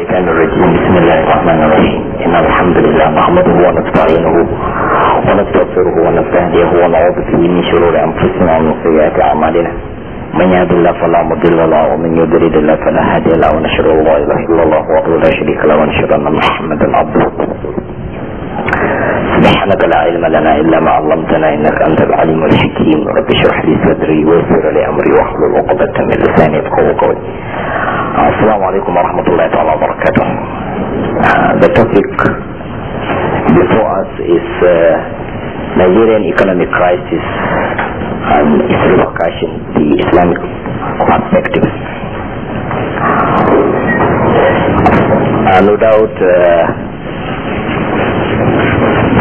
الشيطان الرجيم بسم الله الرحمن الرحيم إن الحمد لله نحمده ونستعينه ونستغفره ونستهديه ونعوذ به من شرور أنفسنا ومن سيئات أعمالنا من يهد الله فلا مضل له ومن يضلل الله فلا هادي له ونشهد أن لا إله إلا الله وحده لا شريك له ونشهد أن محمدا عبده سبحانك لا علم لنا إلا ما علمتنا إنك أنت العليم الحكيم رب اشرح لي صدري ويسر لي أمري واحلل عقدة من لساني يفقهوا قولي Assalamualaikum warahmatullahi ورحمة الله uh, The topic before us is uh, Nigerian economic crisis and its repercussion, the Islamic perspective. Uh, no doubt, uh,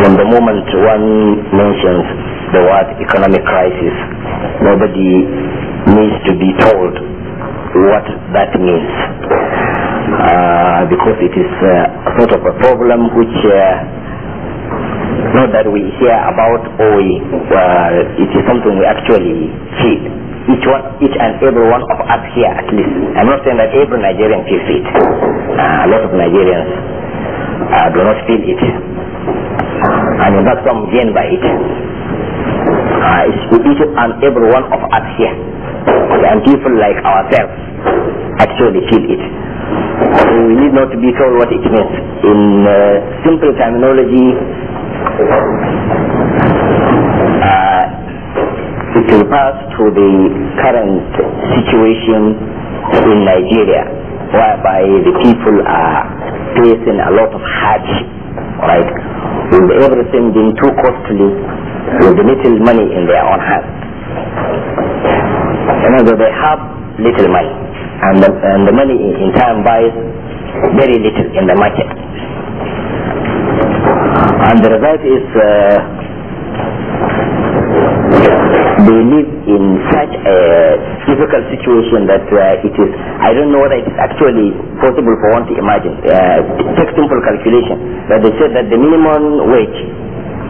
from the moment one mentions the word economic crisis, nobody needs to be told what that means. Uh, because it is uh, sort of a problem which uh, not that we hear about or we, uh, it is something we actually feel. Each, one, each and every one of us here at least. I'm not saying that every Nigerian feels it. Uh, a lot of Nigerians do not feel it. I and mean, in fact gain by it uh, is repeated on every one of us here. And people like ourselves actually feel it. We need not to be told what it means. In uh, simple terminology, uh, it refers to the current situation in Nigeria, whereby the people are facing a lot of hardship, right? With everything being too costly, with little money in their own hand. And know, they have little money, and the, and the money in time buys very little in the market. And the result is uh, they live in such a difficult situation that uh, it is, I don't know whether it is actually possible for one to imagine. Uh, take simple calculation that they said that the minimum wage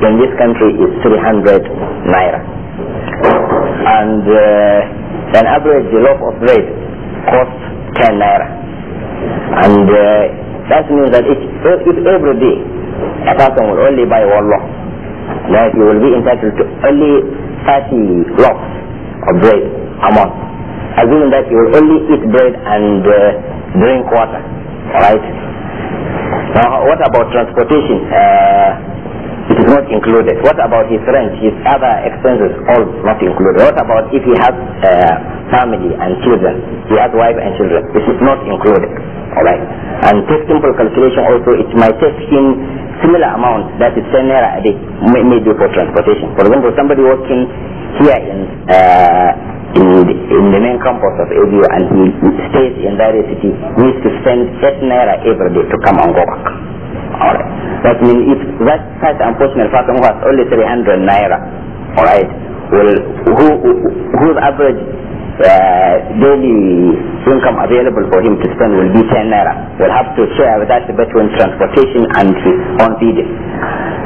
in this country is 300 naira. And uh, an average loaf of bread costs 10 naira. And uh, that means that if, if every day a person will only buy one loaf, then he will be entitled to only 30 loaves of bread a month. Assuming that he will only eat bread and uh, drink water, right? Now, what about transportation? Uh, it is not included. What about his rent, his other expenses, all not included? What about if he has uh, family and children? He has wife and children. This is not included. All right. And take simple calculation also, it might take him similar amount, that is 10 naira a day, maybe for transportation. For example, somebody working here in uh, in the, in the main campus of ABU and he stays in that city needs to spend 8 naira every day to come and go back. Alright. That means if that such unfortunate person who has only 300 naira, alright, well, who, who, whose average uh, daily income available for him to spend will be 10 naira. will have to share that between transportation and on feeding.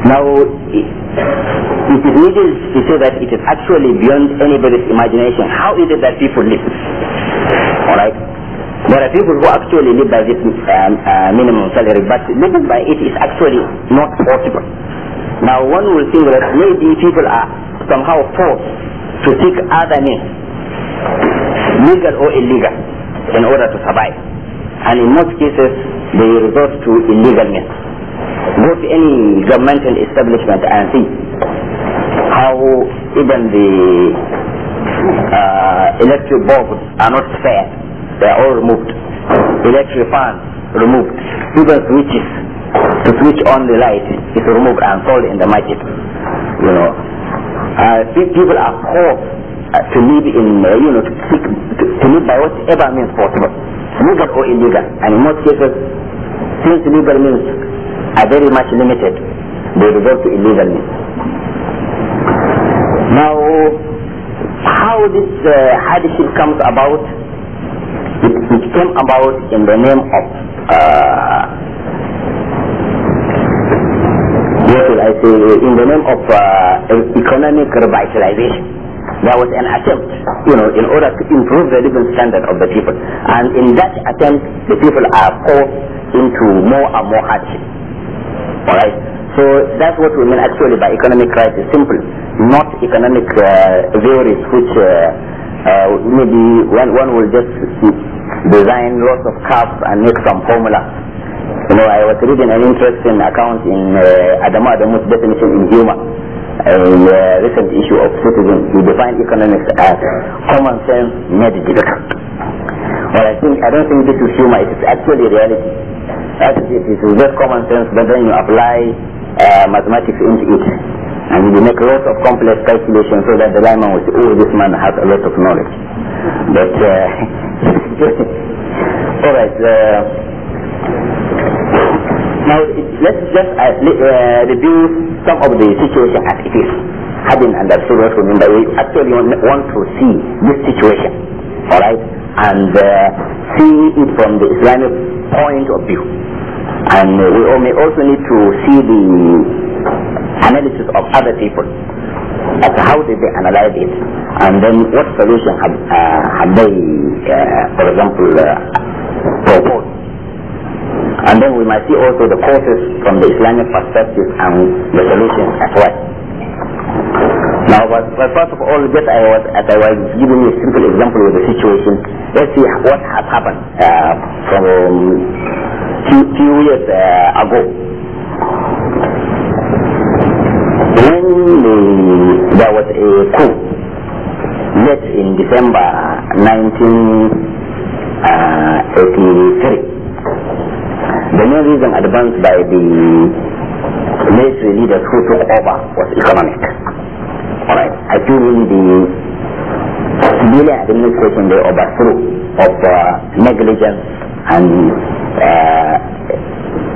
Now, it is needed to say that it is actually beyond anybody's imagination. How is it that people live? All right? There are people who actually live by this um, uh, minimum salary, but living by it is actually not possible. Now one will think that maybe people are somehow forced to take other means, legal or illegal, in order to survive. And in most cases, they resort to illegal means. Go to any governmental establishment and see how even the uh, electric bulbs are not fair they are all removed. Electric fan removed. Even switches to switch on the light is removed and sold in the market. You know, uh, people are poor uh, to live in, uh, you know, to, seek, to, to live by whatever means possible, legal or illegal. And in most cases, since legal means are very much limited, they resort to illegal means. Now, how this uh, hardship comes about which came about in the name of uh, what will I say in the name of uh, economic revitalization. There was an attempt, you know, in order to improve the living standard of the people. And in that attempt, the people are forced into more and more hardship. Alright? So that's what we mean actually by economic crisis, simple. Not economic uh, theories which uh, uh, maybe one, one will just design lots of curves and make some formula. You know, I was reading an interesting account in uh, Adama Adamu's definition in humor, a uh, recent issue of Citizen. He defined economics as common sense made difficult. Well, I think I don't think this is humor. It is actually reality. Actually, it is just common sense, but then you apply uh, mathematics into it, and you make lots of complex calculations so that the layman will say, "Oh, this man has a lot of knowledge." But uh, All right. Uh, now let's just uh, uh, review some of the situation as it is. Having what the mean remember, we actually want to see this situation, all right, and uh, see it from the Islamic point of view. And we may also need to see the analysis of other people at how did they analyze it and then what solution had, uh, had they, uh, for example, uh, proposed. And then we might see also the causes from the Islamic perspective and the solutions as well. Now, but, but first of all, just I was, as I was giving you a simple example of the situation, let's see what has happened uh, from few, few years uh, ago. When the there was a coup late in December 1983. Uh, the main reason advanced by the military leaders who took over was economic. Alright, actually the civilian administration they overthrew of uh, negligence and uh,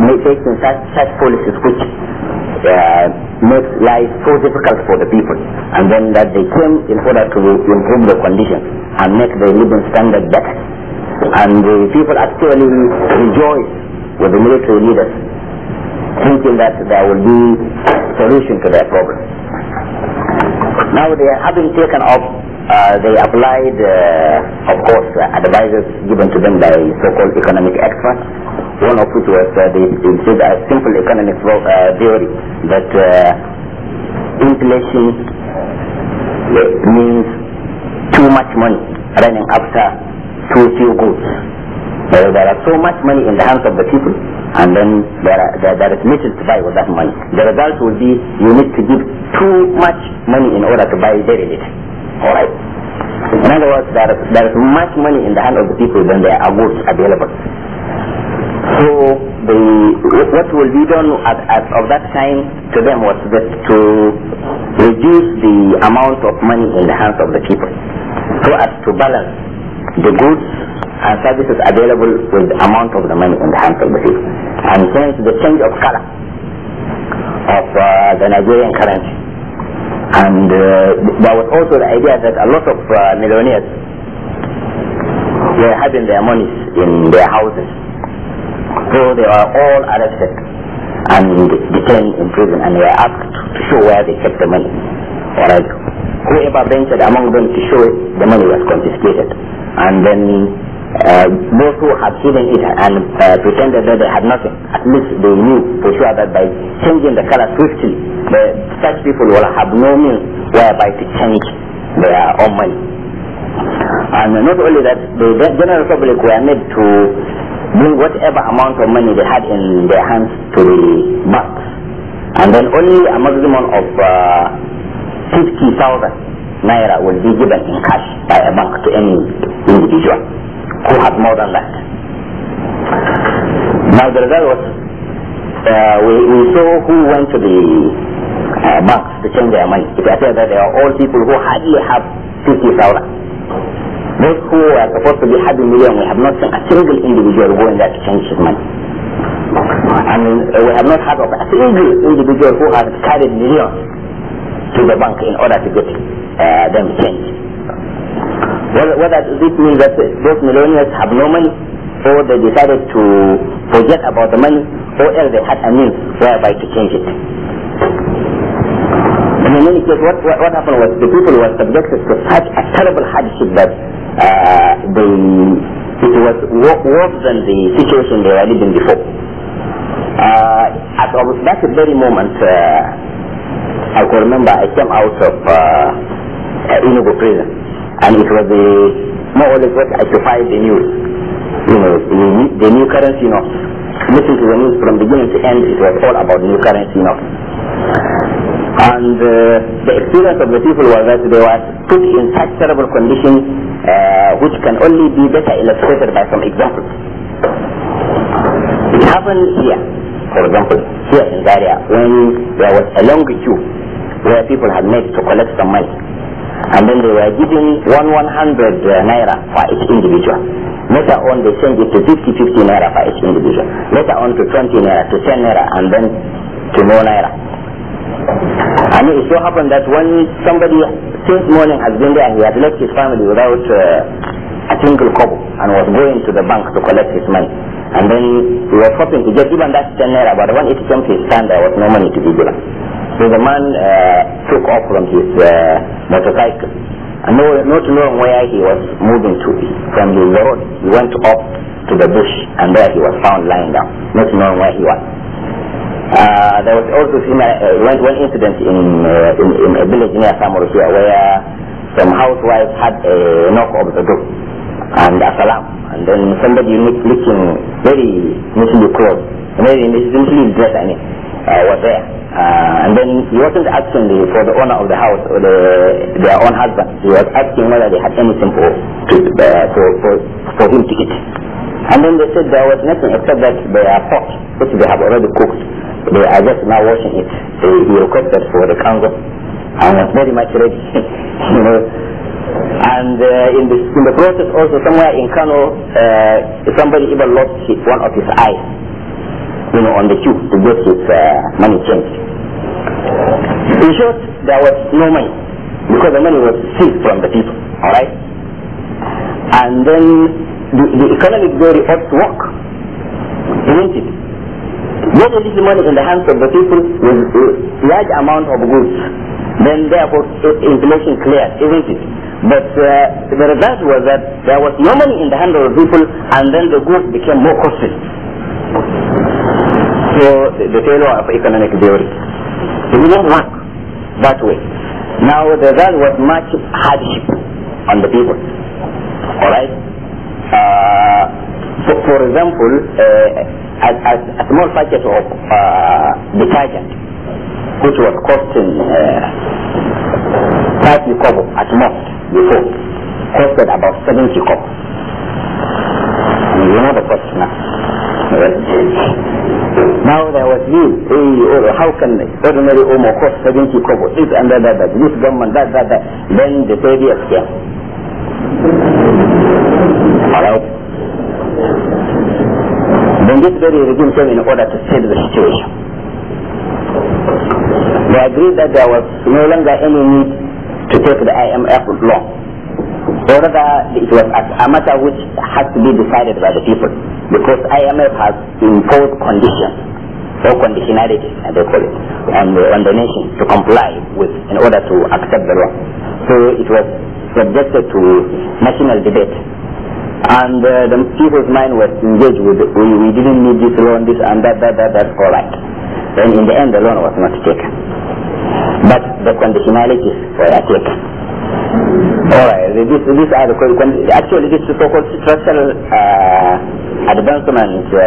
making such, such policies which uh, makes life so difficult for the people. And then that they came in order to improve the condition and make the living standard better. And the people actually rejoice with the military leaders, thinking that there will be solution to their problem. Now they are having taken off. Uh, they applied, uh, of course, uh, advices given to them by so-called economic experts, one of which was uh, a simple economic uh, theory that uh, inflation means too much money running after too few goods. there are so much money in the hands of the people, and then there, are, there, there is little to buy with that money. The result will be you need to give too much money in order to buy very little alright in other words there is, there is much money in the hand of the people than there are goods available so the what will be done at, at of that time to them was that to reduce the amount of money in the hands of the people so as to balance the goods and services available with the amount of the money in the hands of the people and hence the change of color of uh, the Nigerian currency and uh, there was also the idea that a lot of uh, millionaires were having their monies in their houses. So they were all arrested and detained in prison and were asked to show where they kept the money. Alright. Whoever ventured among them to show it, the money was confiscated. And then uh, those who had hidden it and uh, pretended that they had nothing, at least they knew for sure that by changing the color swiftly, the, such people will have no means whereby to change their own money. And not only that, the general public were made to bring whatever amount of money they had in their hands to the bank. And then only a maximum of uh, 50,000 naira will be given in cash by a bank to any individual who has more than that. Now the result was uh, we, we saw who went to the uh, banks to change their money. I say that they are all people who hardly have 50,000. Those who are supposed to be having million, we have not seen a single individual going there to change his money. I mean, uh, we have not heard of a single individual who has carried millions to the bank in order to get uh, them changed. Whether, does this means that those millionaires have no money, or they decided to forget about the money, or else they had a means whereby to change it communicate what, what, what happened was the people were subjected to such a terrible hardship that uh, they, it was worse than the situation they were living before. Uh, at that very moment, uh, I can remember I came out of uh, Inugu uh, prison, and it was the, more or less what I occupied the news. You know, the, the new currency, you know, listening to the news from beginning to end, it was all about new currency, you know. And uh, the experience of the people was that they were put in such terrible conditions uh, which can only be better illustrated by some examples. It happened here, for example, here in Zaria, when there was a long queue where people had made to collect some money. And then they were giving one 100 uh, naira for each individual. Later on, they changed it to 50, 50 naira for each individual. Later on to 20 naira, to 10 naira, and then to no naira. I mean, it so happened that when somebody since morning has been there he had left his family without uh, a single kobo and was going to the bank to collect his money. And then he was hoping to get even that 10 naira, but when it came to his stand, there was no money to be given. So the man uh, took off from his uh, motorcycle. And no, not knowing where he was moving to from the road, he went up to the bush and there he was found lying down, not knowing where he was. Uh, there was also uh, one, one incident in, uh, in, in a village near Samorusia where some housewives had a knock on the door and a salam. And then somebody looking very neatly clothed, very neatly dressed, I mean, uh, was there. Uh, and then he wasn't asking the, for the owner of the house or the, their own husband. He was asking whether they had anything for, to, uh, for, for, for him to eat. And then they said there was nothing except that their pot, which they have already cooked. They are just now washing it. They, they requested for the Congo. I was very much ready, you know. And uh, in, the in the process also, somewhere in Kano, uh, somebody even lost his, one of his eyes, you know, on the queue to get his uh, money changed. In short, there was no money because the money was seized from the people, all right? And then the, the economic theory had to work, did not it? When you leave money in the hands of the people with large amount of goods, then therefore inflation clears, isn't it? But uh, the result was that there was no money in the hands of the people, and then the goods became more costly. So the, the failure of economic theory. It didn't work that way. Now the result was much hardship on the people. All right. Uh, for, for example, uh, a, a, small packet of uh, detergent, which was costing uh, 30 kobo at most before, costed about 70 kobo. You know the cost now. Now there was this, oh, how can ordinary Omo cost 70 kobo, this and that, that, that, this government, that, that, that. Then the saviours came. Alright? In this very regime came in order to save the situation. They agreed that there was no longer any need to take the IMF loan, or rather it was a matter which has to be decided by the people, because IMF has imposed conditions or conditionality, as they call it, on the, on the nation to comply with in order to accept the law. So it was subjected to national debate and uh, the people's mind was engaged with we, we didn't need this loan, this and that, that, that, that's all right. Then in the end, the loan was not taken. But the conditionalities were taken. All right, This, this are the actually this so-called structural uh, advancement uh,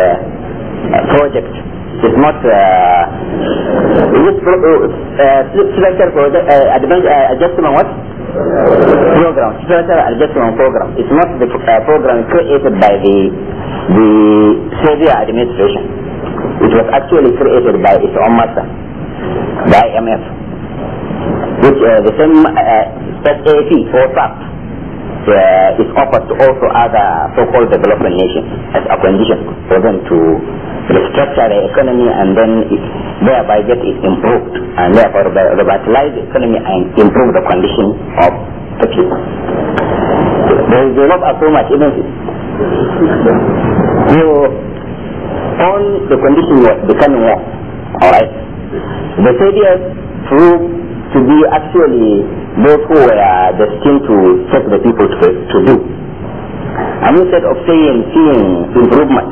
project uh, it is not useful structure for adjustment what? Program, structure adjustment program. It's not the uh, program created by the the Saudi administration. It was actually created by its own master, the IMF, which uh, the same uh, for that uh, offered to also other so-called developing nations as a condition for them to restructure the economy and then it, thereby get it improved and therefore revitalize the economy and improve the condition of the people. There is not so much, isn't it? You on the condition was becoming worse, alright? The failures proved to be actually those who were destined to set the people to, to do. And instead of saying, seeing improvement,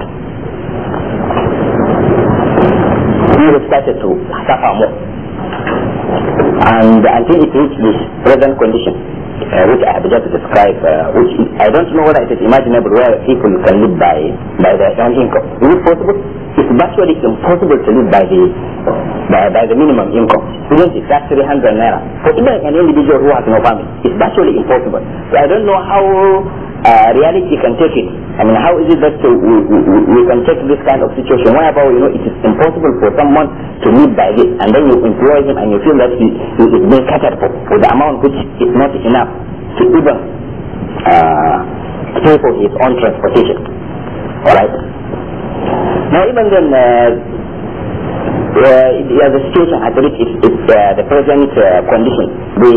we started to suffer more. And until it reached this present condition, uh, which I have just described, uh, which I don't know whether it is imaginable where people can live by, by their own income. Is it possible? It's virtually impossible to live by the, by, by the minimum income. Students is 300 naira. For even an individual who has no family, it's virtually impossible. So I don't know how uh, reality can take it. I mean, how is it that we, we, we can take this kind of situation whenever you know it is impossible for someone to live by this, and then you employ him and you feel that he, he is being catered for with the amount which is not enough to even uh, pay for his own transportation. All right. Now, even then. Uh, uh, yeah, the situation I think it's, it's uh, the present uh, condition. The,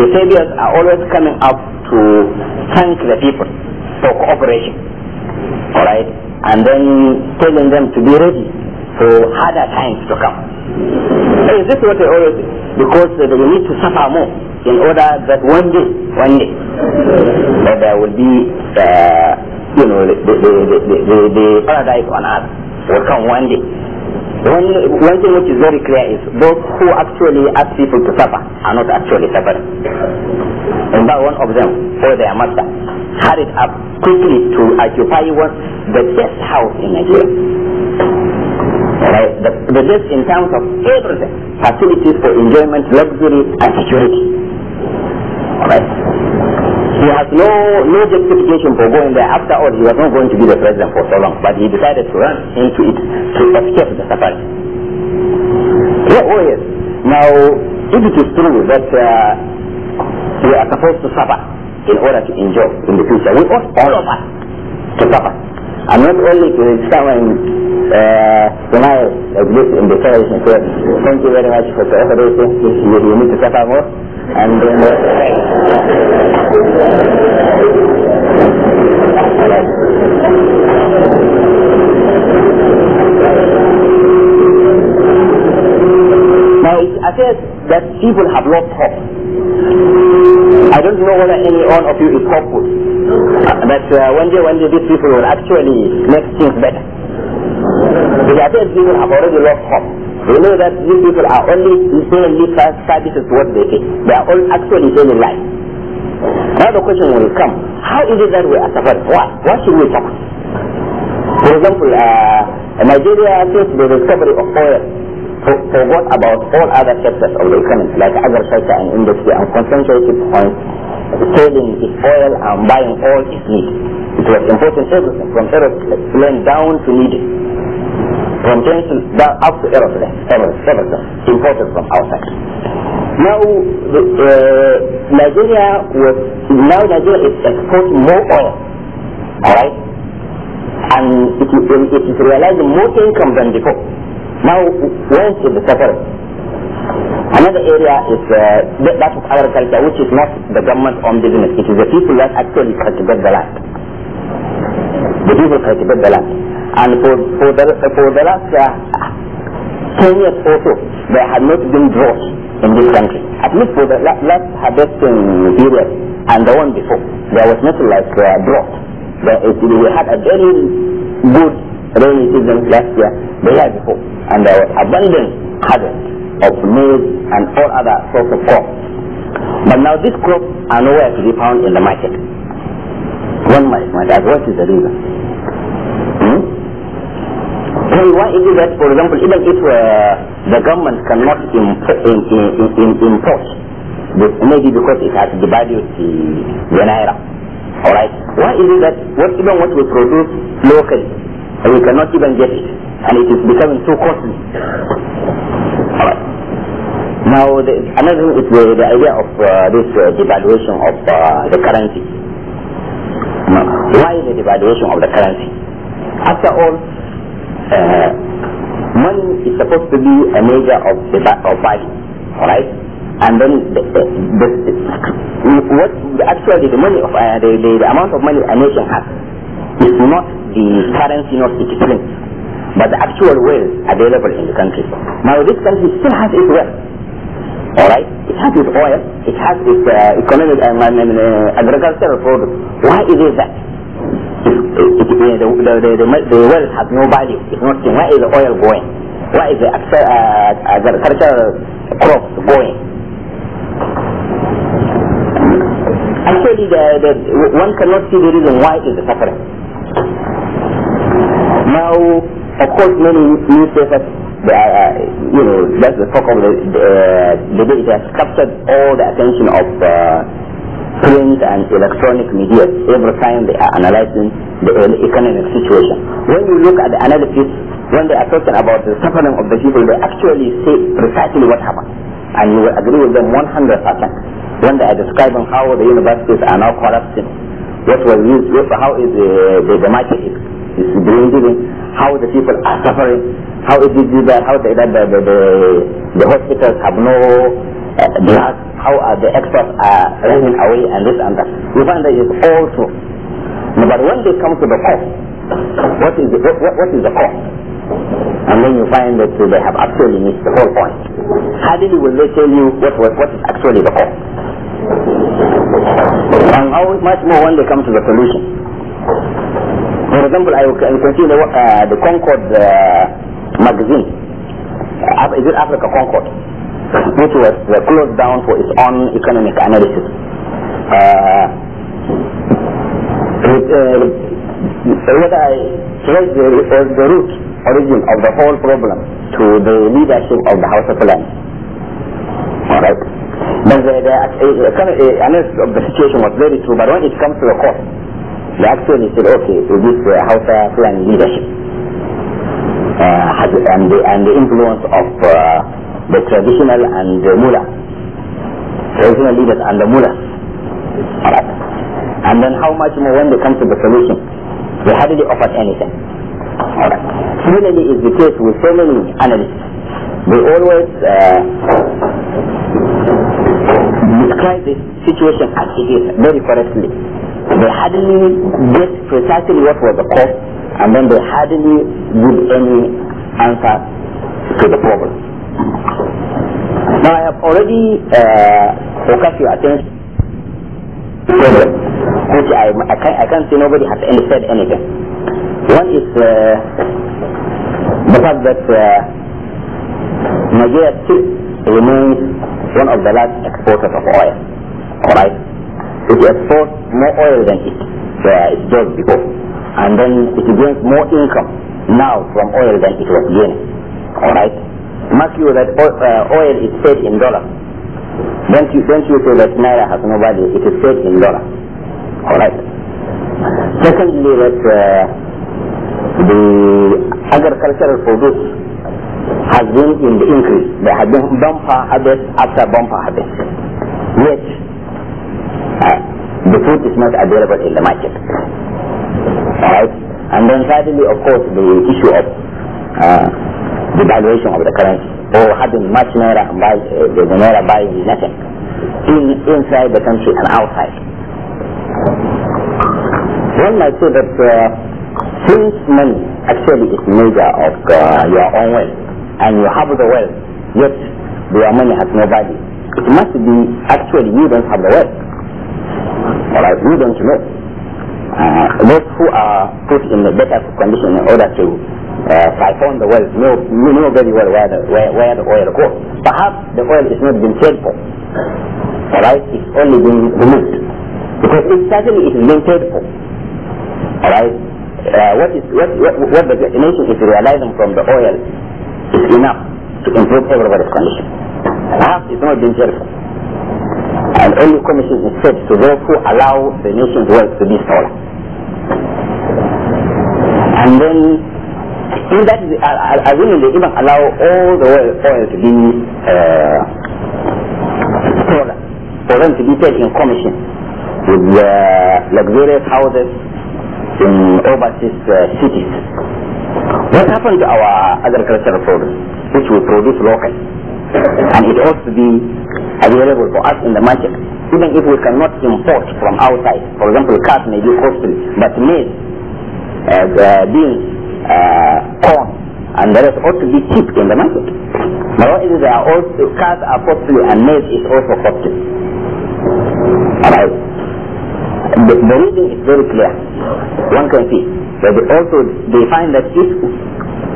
the saviors are always coming up to thank the people for cooperation, all right, and then telling them to be ready for harder times to come. Is this what they always Because they need to suffer more in order that one day, one day, that there will be, uh, you know, the, the, the, the, paradise on earth will come one day one, one thing which is very clear is those who actually ask people to suffer are not actually suffering. And fact, one of them, for their master, hurried up quickly to occupy one, the best house in Nigeria. Right? The, the best in terms of everything, facilities for enjoyment, luxury, and security. All right? He has no no justification for going there. After all, he was not going to be the president for so long, but he decided to run into it to escape the safari. Yeah, oh yes. Now, if it is true that uh, we are supposed to suffer in order to enjoy in the future, we ought all of us to suffer. And not only to discover in uh, in the Federation. So, thank you very much for the offer. You, you need to suffer more and then uh, Now it appears that people have lost hope. I don't know whether any one of you is hopeful but uh, one day, one day these people will actually make things better. It appears people have already lost hope. They know that these people are only insanely services to what they say. They are all actually saying lies. Now the question will come, how is it that we are suffering? Why? Why should we suffer? For example, uh, Nigeria faced the discovery of oil for, forgot about all other sectors of the economy, like agriculture and industry, and concentrated on selling its oil and buying all its needs. It was important everything from Europe down to needed from Genesis down up to Eretz, Eretz, imported from outside. Now, uh, Nigeria was, now Nigeria is exporting more oil, alright? And it is, it is realizing more income than before. Now, where is the separate? Another area is uh, that of agriculture, which is not the government own business. It is the people that actually cultivate the land. The people cultivate the land. And for, for, the, for the last uh, 10 years or so, there have not been droughts in this country. At least for the last harvesting period and the one before, there was not like uh, drought. But we had a very good rainy season last year, the year before, and there was abundant harvest of maize and all other sorts of crops. But now these crops are nowhere to be found in the market. One might wonder, what is the reason? then why is it that, for example, even if uh, the government cannot impo- in, in, in, import, maybe because it has devalued the, the naira, all right? Why is it that what, even what we produce locally, we cannot even get it, and it is becoming too costly? All right. Now, the, another thing is the, the idea of uh, this uh, devaluation of uh, the currency. No. Why the devaluation of the currency? After all, uh, money is supposed to be a measure of the of value, right? And then the, the, the, what actually the money of uh, the, the, the amount of money a nation has is not the currency not its print, but the actual wealth available in the country. Now this country still has its wealth. All right, it has its oil, it has its uh, economic uh, and uh, agricultural products. Why is it that? the, the, the, the, the has no value. It's nothing. Where is the oil going? Where is the agricultural crop going? Actually, the, the, one cannot see the reason why it is suffering. Now, of course, many newspapers, uh, uh, you know, that's the talk of the, the, uh, the, they have captured all the attention of uh, print and electronic media every time they are analyzing the economic situation. When you look at the analysis, when they are talking about the suffering of the people, they actually say precisely what happened. And you will agree with them 100% when they are describing how the universities are now collapsing, what was used, how is the, the, the market is, is being given, how the people are suffering, how is it that, how the, the, the, the hospitals have no the, how are the experts are running away and this and that. You find that it's all true. But when they come to the cost, what is the, what, what is the cause? And then you find that they have actually missed the whole point. Hardly will they tell you what, what, what is actually the cost? And how much more when they come to the solution. For example, I can consider uh, the Concord uh, magazine. Is it Africa Concord? which was closed down for its own economic analysis. Uh, uh what I trace the, uh, the root origin of the whole problem to the leadership of the House of Land. Alright? But the, the, the kind of, uh, analysis of the situation was very true, but when it comes to the cost, they actually said, okay, this uh, House of Land leadership uh, has, and, the, and the influence of uh, the traditional and the mullah. Traditional leaders and the mullah. Alright. And then how much more when they come to the solution? They hardly offer anything. Alright. Similarly is the case with so many analysts. They always uh, describe the situation as it is very correctly. They hardly get precisely what was the cause and then they hardly give any answer to the problem. Now I have already uh, focused your attention problem which I, I, can't, I can't see nobody has any, said anything. One is uh, the fact that uh, Nigeria still remains one of the last exporters of oil. Alright? It exports more oil than it, uh, it does before. And then it gains more income now from oil than it was gaining. Alright? mark you that uh, oil, is paid in dollars. Don't you, don't you say that Naira has no value, it is paid in dollars. Alright. Secondly, that uh, the agricultural produce has been in the increase. There have been bumper harvest after bumper harvest. Yet, uh, the food is not available in the market. Alright? And then finally, of course, the issue of uh, the valuation of the currency or having much naira and buy uh, the naira buying nothing in inside the country and outside. One might say that uh, since money actually is measure of uh, your own wealth and you have the wealth yet your money has no value, it must be actually you don't have the wealth. Alright, you don't know. Uh, those who are put in a better condition in order to phone uh, there was no, no, know very well where the, where, where the oil goes. Perhaps the oil is not been paid for. Alright, it's only been removed. Because it certainly it is being paid for. Alright, uh, what, is, what, what, what the nation is realizing from the oil is enough to improve everybody's condition. Perhaps it's not being paid for. And only commission is set to those who allow the nation's wealth to be stolen. And then in that, I, I, really they even allow all the oil, oil to be uh, for them to be paid in commission with uh, luxurious houses in overseas uh, cities. What happened to our agricultural produce, which we produce locally, and it ought to be available for us in the market, even if we cannot import from outside. For example, cars may be costly, but meat uh, beans, uh, corn, and the rest ought to be cheap in the market. Now, they uh, are also, cars are costly and maize is also costly. Alright? The, the reason is very clear. One can see that they also they find that if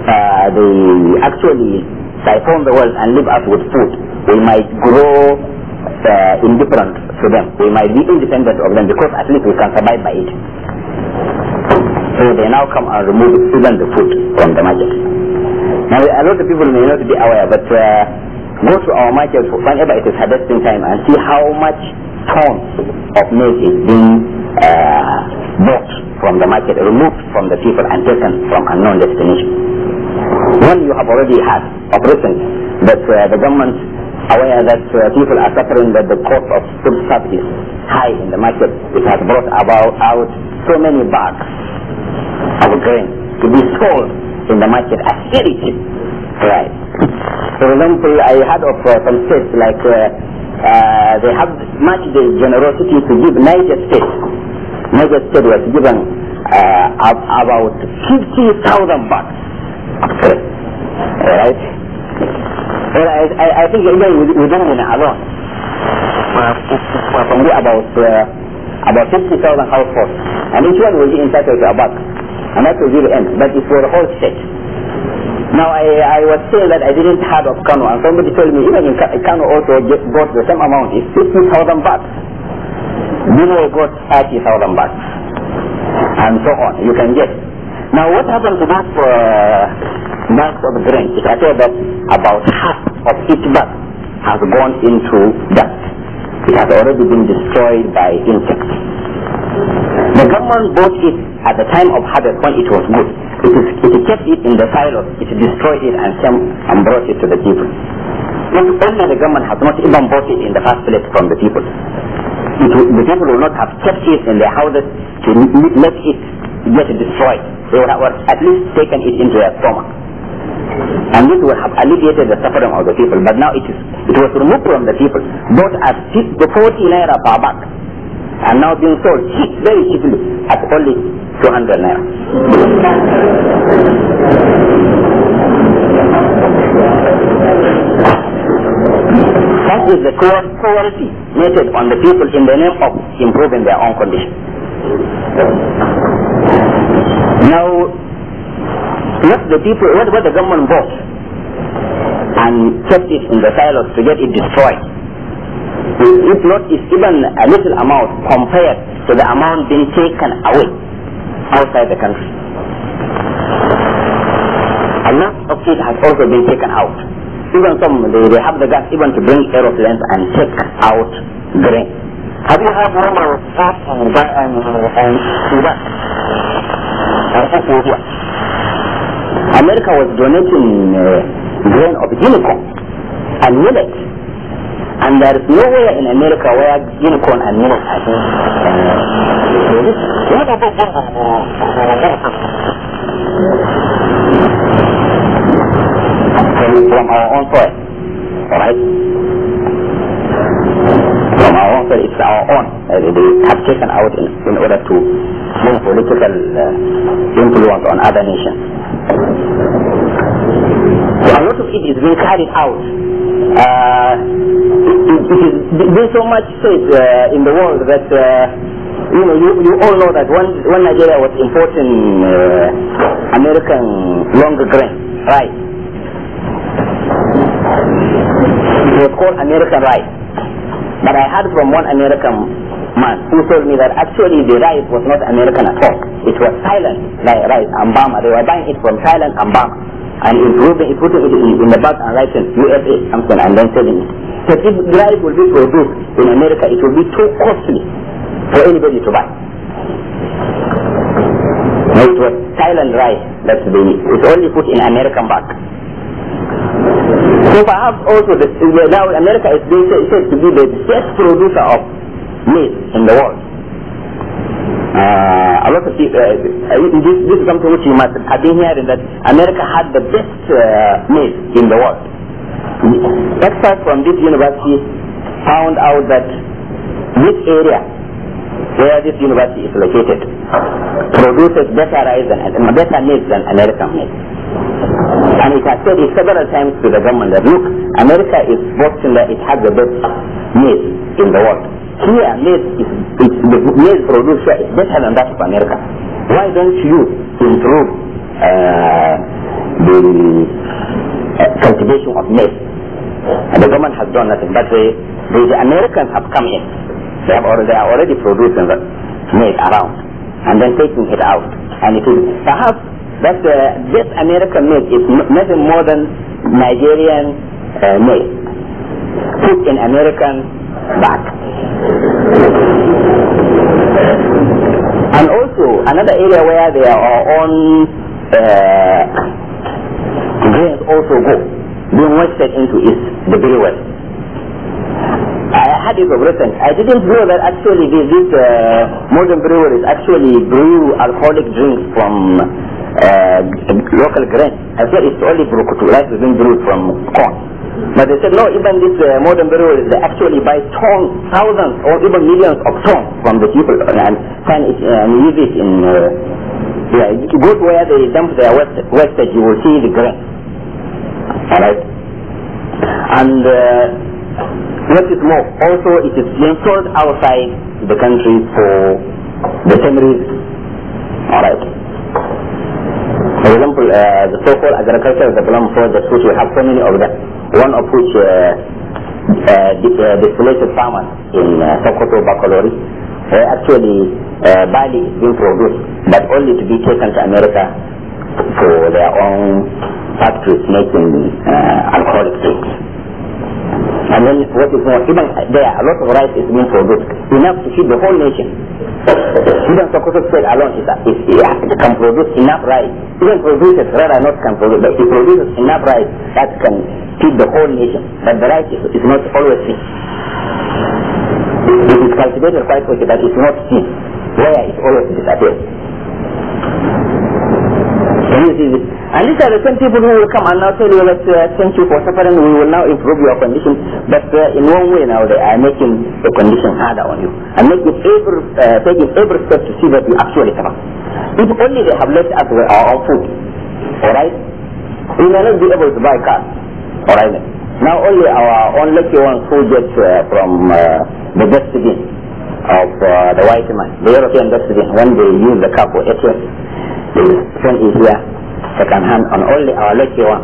uh, they actually siphon the world and leave us with food, we might grow uh, indifferent to them. We might be independent of them because at least we can survive by it. So they now come and remove even the food from the market. Now a lot of people may not be aware, but uh, go to our market whenever it is harvesting time and see how much tons of milk is being uh, bought from the market, removed from the people and taken from unknown destination. When you have already had operations that uh, the government aware that uh, people are suffering that the cost of food is high in the market, it has brought about out so many bags of grain to be sold in the market as charity. Right. For example, I heard of uh, some states like uh, uh, they have much the generosity to give Niger State. Niger State was given uh, about 50,000 bucks. Right. Well, I, I, I think even within Ghana alone, from about uh, about 50,000 households, and each one will be entitled to a buck and that will be the end. But it's for the whole state. Now I, I was saying that I didn't have of Kano, and somebody told me even in Kano also get, got the same amount. It's fifty thousand bucks. Nemo got thirty thousand bucks, and so on. You can get. Now what happened to that for uh, of grain? It appeared that about half of each bag has gone into dust. It has already been destroyed by insects. The government bought it at the time of harvest when it was good. It, is, it kept it in the silos. It destroyed it and came and brought it to the people. Not only the government has not even bought it in the first place from the people. It, the people will not have kept it in their houses to let it get destroyed. They would have at least taken it into their stomach. And this would have alleviated the suffering of the people. But now it, is, it was removed from the people, bought at the 40 naira per bag are now being sold cheap, very cheaply, at only 200 naira. that is the cruelty meted on the people in the name of improving their own condition. Now, what the people, what, what the government bought and kept it in the silos to get it destroyed the not, is even a little amount compared to the amount being taken away outside the country. A lot of it has also been taken out. Even some, they, they have the gas even to bring aeroplanes and take out grain. Have you heard one of that and uh, that and, and Iraq? And Ethiopia. America was donating uh, grain of unicorn and millets and there is nowhere in America where unicorn and minnows are being From our own soil. right? From our own soil, it's our own. Uh, they have taken out in, in order to bring political uh, influence on other nations a lot of it is being carried out. Uh, it, it is being so much said uh, in the world that uh, you know you, you all know that when when Nigeria was importing uh, American long grain, right? It was called American rice. But I heard from one American man who told me that actually the rice was not American at all. It was Thailand rice and They were buying it from Thailand and and improving putting it in, in the bag and writing USA something and then selling it. So if rice will be produced in America, it will be too costly for anybody to buy. Now it was Thailand rice that they it's only put in American bag. So perhaps also the, now America is being said to be the best producer of meat in the world. Uh, a lokaci uh, this is something which you must have been hearing that America had the best uh, maize in the world. Experts from this university found out that this area where this university is located produces better rice than better maize than American maize. And it has said it several times to the government that look, America is boasting that it has the best maize in the world. Here, maize is, the made produce here is better than that of America. Why don't you improve uh, the uh, cultivation of milk? And the government has done nothing, but the, the, the Americans have come in. They, have already, they are already producing the milk around and then taking it out. And it is perhaps that uh, this American milk is nothing more than Nigerian uh, maize put in American bag. And also, another area where there are own uh, grains also go, being wasted into is the very I had it written. I didn't know that actually this, uh, modern breweries actually brew alcoholic drinks from uh, local grain. I thought it's only brewed, rice has been brewed from corn. But they said, no, even this uh, modern burial, they actually buy tons, thousands, or even millions of tons from the people and find it uh, and use it in, uh, yeah, go where they dump their waste, waste you will see the grain. Alright? And uh, what is more, also it is being sold outside the country for the same reason. Alright? For example, uh, the so-called agricultural development the which we have so many of them, one of which uh, uh, uh displaced farmers in uh, Sokoto, Bakalori, where actually uh, barley is being produced, but only to be taken to America for their own factories making uh, alcoholic drinks. And then what is more, even there, a lot of rice is being produced, enough to feed the whole nation. Even Sokoto State alone is, is, it can produce enough rice. Even producers, rather not can produce, but it produces enough rice that can feed the whole nation. But the rice is, is not always seen. It is cultivated quite quickly, but it's not seen. Where it always disappears. Can you see this? And these are the same people who will come and now tell you that uh, thank you for suffering, we will now improve your condition. But uh, in one way now they are making the condition harder on you and making every, uh, taking every step to see that you actually suffer. If only they have left us with our own food, alright, we may not be able to buy cars, alright. Now only our own lucky ones who get uh, from uh, the destiny of uh, the white man, the European destiny, when they use the car for eight The they send it here can hand on only our lecturer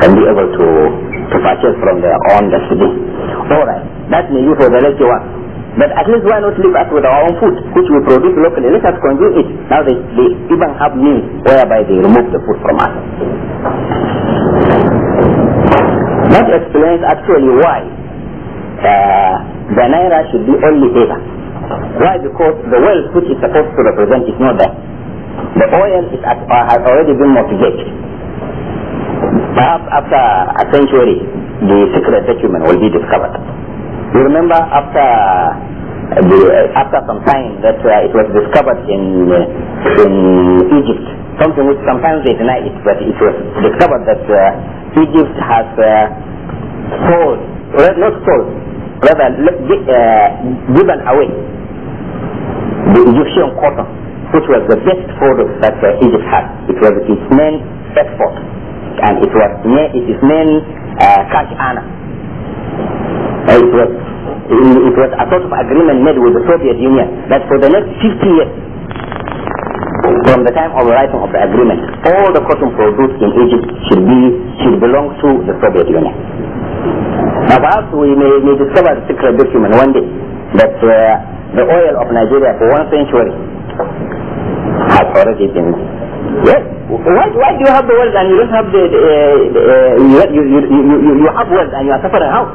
can be able to, to purchase from their own destiny. Alright, that may you for the one, But at least why not leave us with our own food, which we produce locally? Let us consume it. Now they, they even have means whereby they remove the food from us. That explains actually why uh, the naira should be only bigger. Why? Because the wealth which is supposed to represent is not there the oil is at, uh, has already been motivated. Perhaps after a century, the secret document will be discovered. You remember after uh, the, uh, after some time that uh, it was discovered in uh, in Egypt, something which sometimes they deny it, but it was discovered that Egypt has sold, not sold, rather given away the Egyptian cotton which was the best product that uh, Egypt had. It was its main export, and it was its main uh, cash uh, earner. It was, it was a sort of agreement made with the Soviet Union that for the next 50 years, from the time of the writing of the agreement, all the cotton produced in Egypt should be should belong to the Soviet Union. Now perhaps we may, may discover the secret document one day that uh, the oil of Nigeria for one century already been. Yes. Why, why do you have the wealth and you don't have the, the uh, uh you, you, you, you, you have wealth and you are suffering how?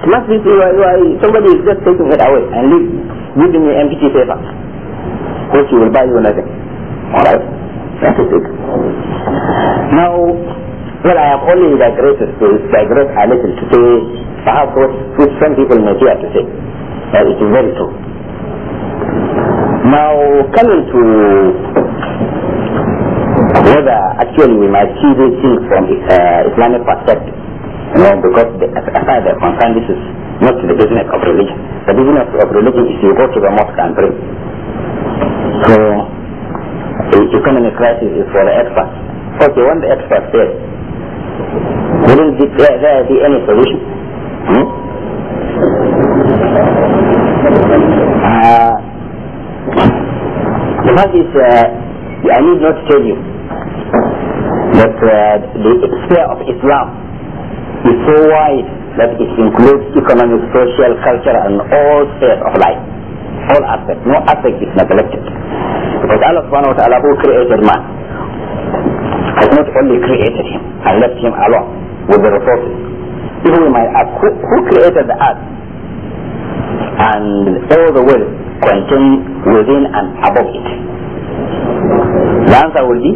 It must be you are, you are, somebody is just taking it away and leave, giving you empty paper, which will buy you nothing. All right. That is it. Now, well, I have only digressed to digress a little to say perhaps what, which some people may hear to say. That it is very true. Now, coming to whether actually we might see these things from uh, Islamic perspective, you know, because the, as far as I'm concerned, this is not the business of religion. The business of religion is you go to the mosque and pray. So, the economic crisis is for the experts. Okay, when the experts say, wouldn't there be any solution? Hmm? Uh, not uh, I need not tell you that uh, the sphere of Islam is so wide that it includes economic, social, cultural, and all spheres of life. All aspects. No aspect is neglected. Because Allah subhanahu wa ta'ala who created man has not only created him and left him alone with the resources. might ask, who, who created the earth and all the world contained within and above it? The answer will be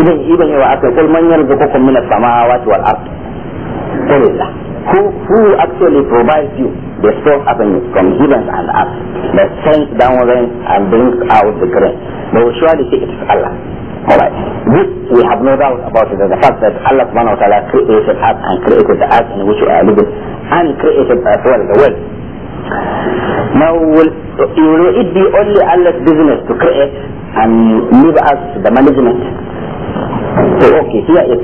even even you are asking, man yarzuqukum min as-samawati wal ard? Tell Allah. Who who actually provides you the source avenue from heavens and earth that sends down rain and brings out the grain? They will surely say it is Allah. Alright. This we have no doubt about it. The fact that Allah subhanahu wa ta'ala created us and created the earth in which we are living and created as well the world now will, will it be only Allah's business to create and leave us the management? So, okay, here is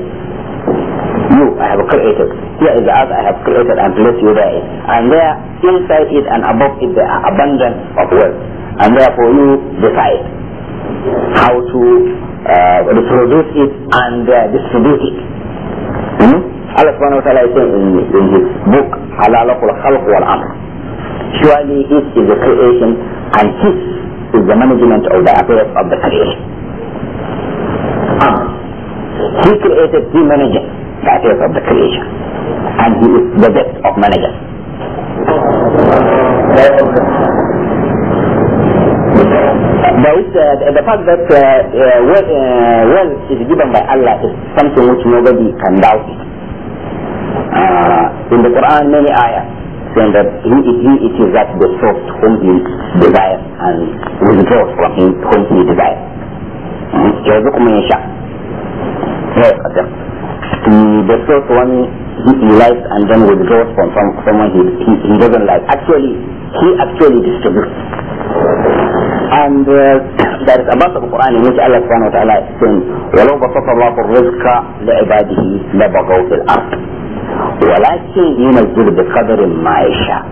you I have created. Here is the earth I have created and placed you there. And there, inside it and above it, there are abundance of wealth. And therefore you decide how to uh, reproduce it and uh, distribute it. Hmm? Allah subhanahu wa ta'ala is saying in, in his book, Halalakul Khalq wal Amr. Surely His is the creation and His is the management of the affairs of the creation. Ah, He created, He manages the affairs of the creation. And He is the best of managers. uh, the fact that uh, uh, uh, is given by Allah is something which nobody can doubt Uh, in the Quran, many ayahs explained that he, he it is that the soft whom he desires and withdraws from him whom hmm? he desires. يرزق من يشاء. Yes, the, the source one he, he likes and then withdraws from, from someone he, he, he doesn't like. Actually, he actually distributes. And uh, there is a verse of the Quran in which Allah subhanahu wa ta'ala explains, وَلَوْ بَسَطَ اللَّهُ الرِّزْقَ لِعِبَادِهِ لَبَغَوْا فِي الْأَرْضِ ولكن ينزل بقدر ما يشاء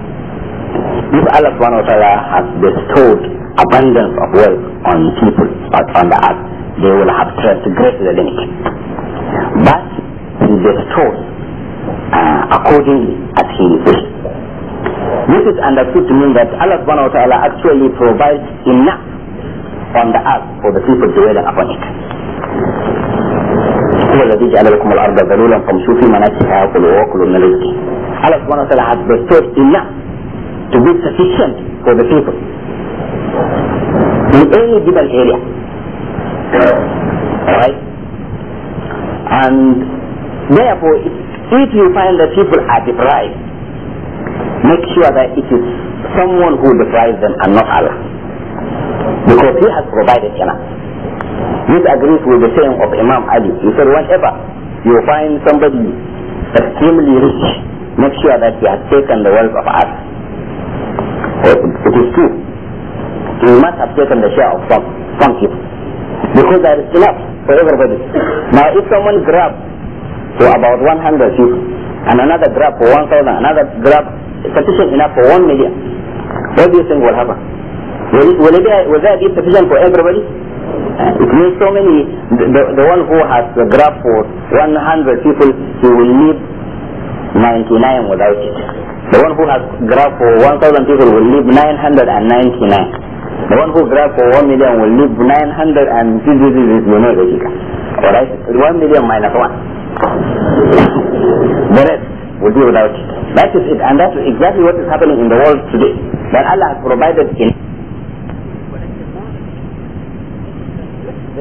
If Allah subhanahu wa ta'ala has bestowed abundance of wealth on people but on the earth, they will have transgressed the it. But He bestows uh, accordingly as He wishes. This is understood to mean that Allah subhanahu wa ta'ala actually provides enough on the earth for the people to dwelling upon it. هو الذي جعل لكم الارض ذلولا فامشوا في مناكبها وكلوا واكلوا من رزقه. Allah سبحانه وتعالى ta'ala has bestowed enough to be sufficient for the people in any given area. Alright? And therefore, if, if you find that people are deprived, make sure that it is someone who deprives them and not Allah. Because He has provided enough. This agrees with the saying of Imam Ali. He said, whenever you find somebody extremely rich, make sure that he has taken the wealth of others. It is true. He must have taken the share of some, some people. Because there is enough for everybody. Now if someone grabs for about 100 people, and another grab for 1,000, another grab sufficient enough for 1 million, what do you think will happen? Will, it, will, it be, will that be sufficient for everybody? It means so many, the, the one who has the graph for 100 people, he will leave 99 without it. The one who has graph for 1,000 people will leave 999. The one who grab for 1 million will leave 900 and Alright? 1 million minus 1. the rest will be without it. That is it. And that is exactly what is happening in the world today. That Allah has provided in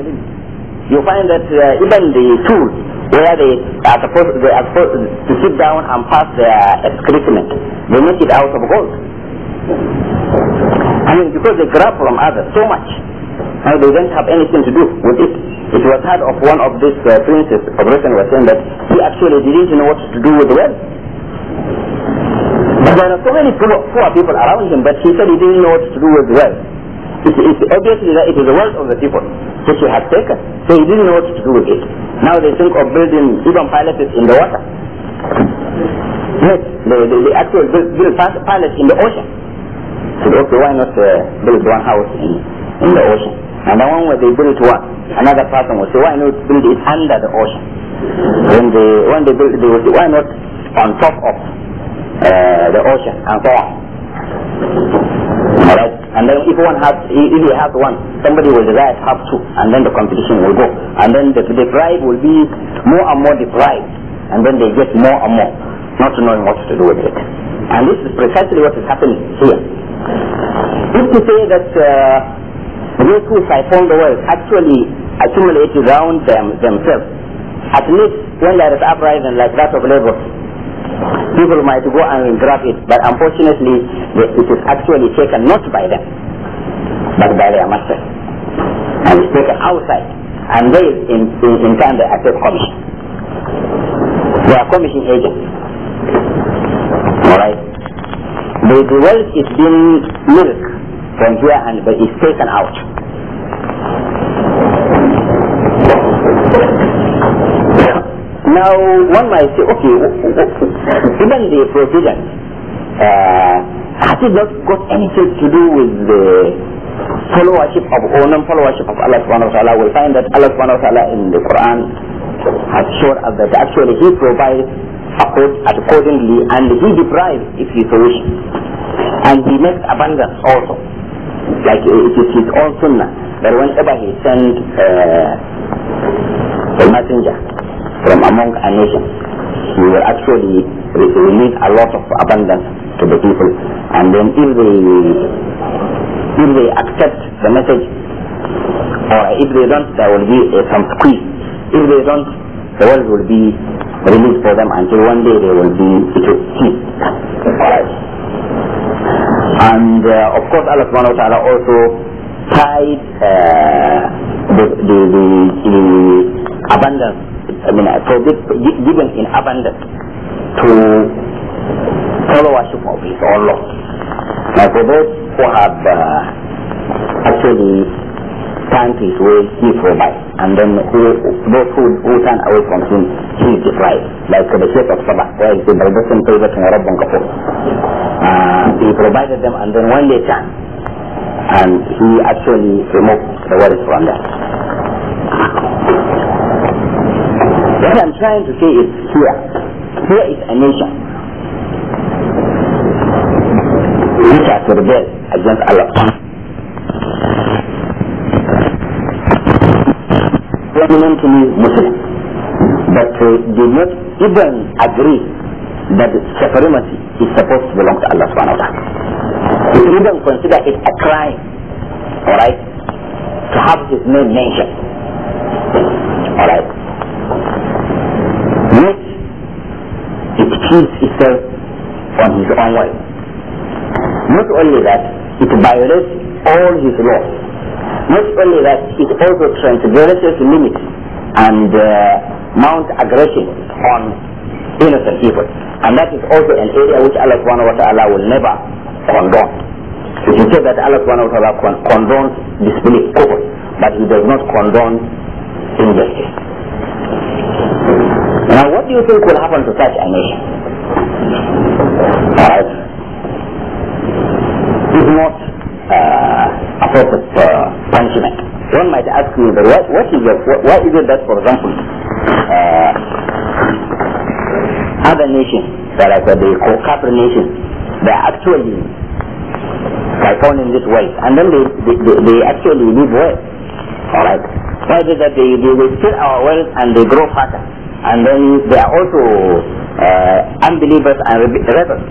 you find that uh, even the tools where they are supposed they are supposed to sit down and pass their excrement, they make it out of gold. I mean, because they grab from others so much, and they don't have anything to do with it. It was heard of one of these uh, princes of Britain was saying that he actually didn't know what to do with the wealth. But there are so many poor, poor people around him, but he said he didn't know what to do with the wealth. it's obviously that it is the wealth of the people which he had taken. So he didn't know what to do with it. Now they think of building even palaces in the water. Yes, the, the, the actual build, build in the ocean. So okay, why not uh, build one house in, in the ocean? And the one where they built one, another person will say, why not build it under the ocean? When they, when they build, they will say, why not on top of uh, the ocean and so on. Right? And then if one has, if you have one, somebody will desire to have two, and then the competition will go. And then the pride will be more and more deprived, and then they get more and more, not knowing what to do with it. And this is precisely what is happening here. If to say that uh, those who siphon the wealth actually accumulate around them themselves, at least when there is uprising like that of labor, People might go and grab it, but unfortunately, it is actually taken not by them, but by their master. And it's taken outside. And they, in, in, in time, they accept commission. They are commission agents. Alright? The, the wealth is being milk from here and but it's taken out. Now, one might say, okay, even the provision uh, has it not got anything to do with the followership of or non-followership of Allah subhanahu wa ta'ala? We find that Allah subhanahu wa ta'ala in the Quran has shown us that actually He provides accordingly and He deprives if He so wishes. And He makes abundance also. Like uh, it is His own sunnah that whenever He sent uh, a messenger, from among a nation. we will actually release a lot of abundance to the people. And then if they, if they accept the message, or if they don't, there will be uh, some squeeze. If they don't, the world will be released for them until one day they will be it will And uh, of course Allah subhanahu wa ta'ala also tied uh, the, the, the, the abundance I mean, given in abundance to followership of his own law. Now for those who have uh, actually turned his way, he provides. And then who, those who, who turn away from him, he deprives, Like the shape of Sabah, where the Bible doesn't pay back to Rabban Kafur. Uh, he provided them and then when they turn, and he actually removed the words from them. What I'm trying to say is here. Here is a nation which has rebelled against Allah. Prominently Muslim, but they did not even agree that supremacy is supposed to belong to Allah subhanahu wa ta'ala. They even consider it a crime, alright, to have his name mentioned. Alright. heals itself on his own way. Not only that, it violates all his laws. Not only that, it also transgresses limits and uh, mounts aggression on innocent people. And that is also an area which Allah subhanahu wa ta'ala will never condone. It is said that Allah subhanahu wa ta'ala condones disbelief, kufr, but he does not condone injustice. Now what do you think will happen to such a nation? as is not uh, a of uh, punishment. One might ask me, but what, what is it, what, what is it that, for example, uh, other nations, that are the co-capital nations, they are actually performing this way, and then they, they, they, they actually live well. All right. Why is it that they, they, they steal our wealth and they grow faster, and then they are also uh, unbelievers and rebels.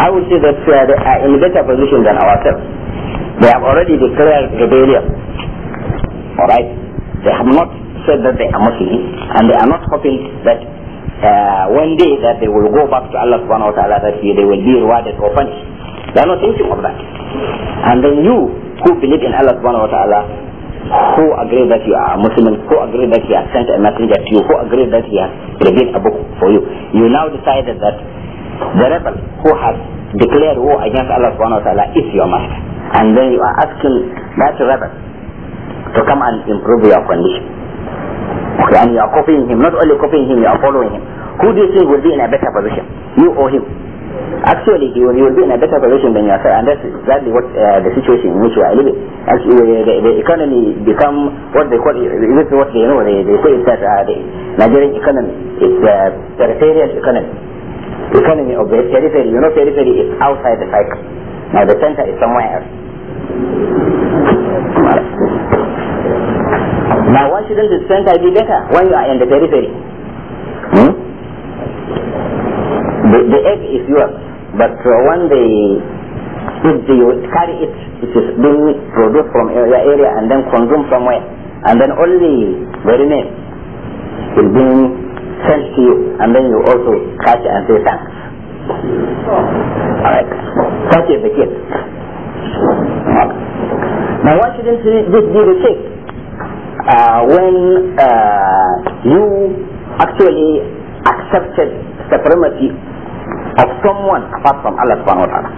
I would say that uh, they are in a better position than ourselves. They have already declared rebellion. Alright? They have not said that they are Muslims and they are not hoping that uh, one day that they will go back to Allah subhanahu wa ta'ala that they will be rewarded or punished. They are not thinking of that. And then you who believe in Allah subhanahu wa ta'ala who agree that you are a Muslim, who agree that he has sent a messenger to you, who agree that he has revealed a book for you, you now decided that the rebel who has declared war against Allah subhanahu wa ta'ala is your master. And then you are asking that rebel to come and improve your condition. Okay, and you are copying him, not only copying him, you are following him. Who do you think will be in a better position? You or him? Actually, you will, will be in a better position than yourself, and that's exactly what uh, the situation in which we are living. Uh, the, the economy become what they call this is what they know. They, they say it's that uh, the Nigerian economy is a uh, peripheral economy. Economy of the periphery. You know, periphery is outside the cycle. Now the center is somewhere else. Now why shouldn't the center be better when you are in the periphery? Hmm? The, the egg is yours, but uh, when they if carry it, it is being produced from area area and then consumed somewhere, and then only the next is being sent to you, and then you also catch and say thanks. Alright, such is the case. Now, why shouldn't this be the case uh, when uh, you actually accepted supremacy of someone apart from Allah subhanahu wa ta'ala.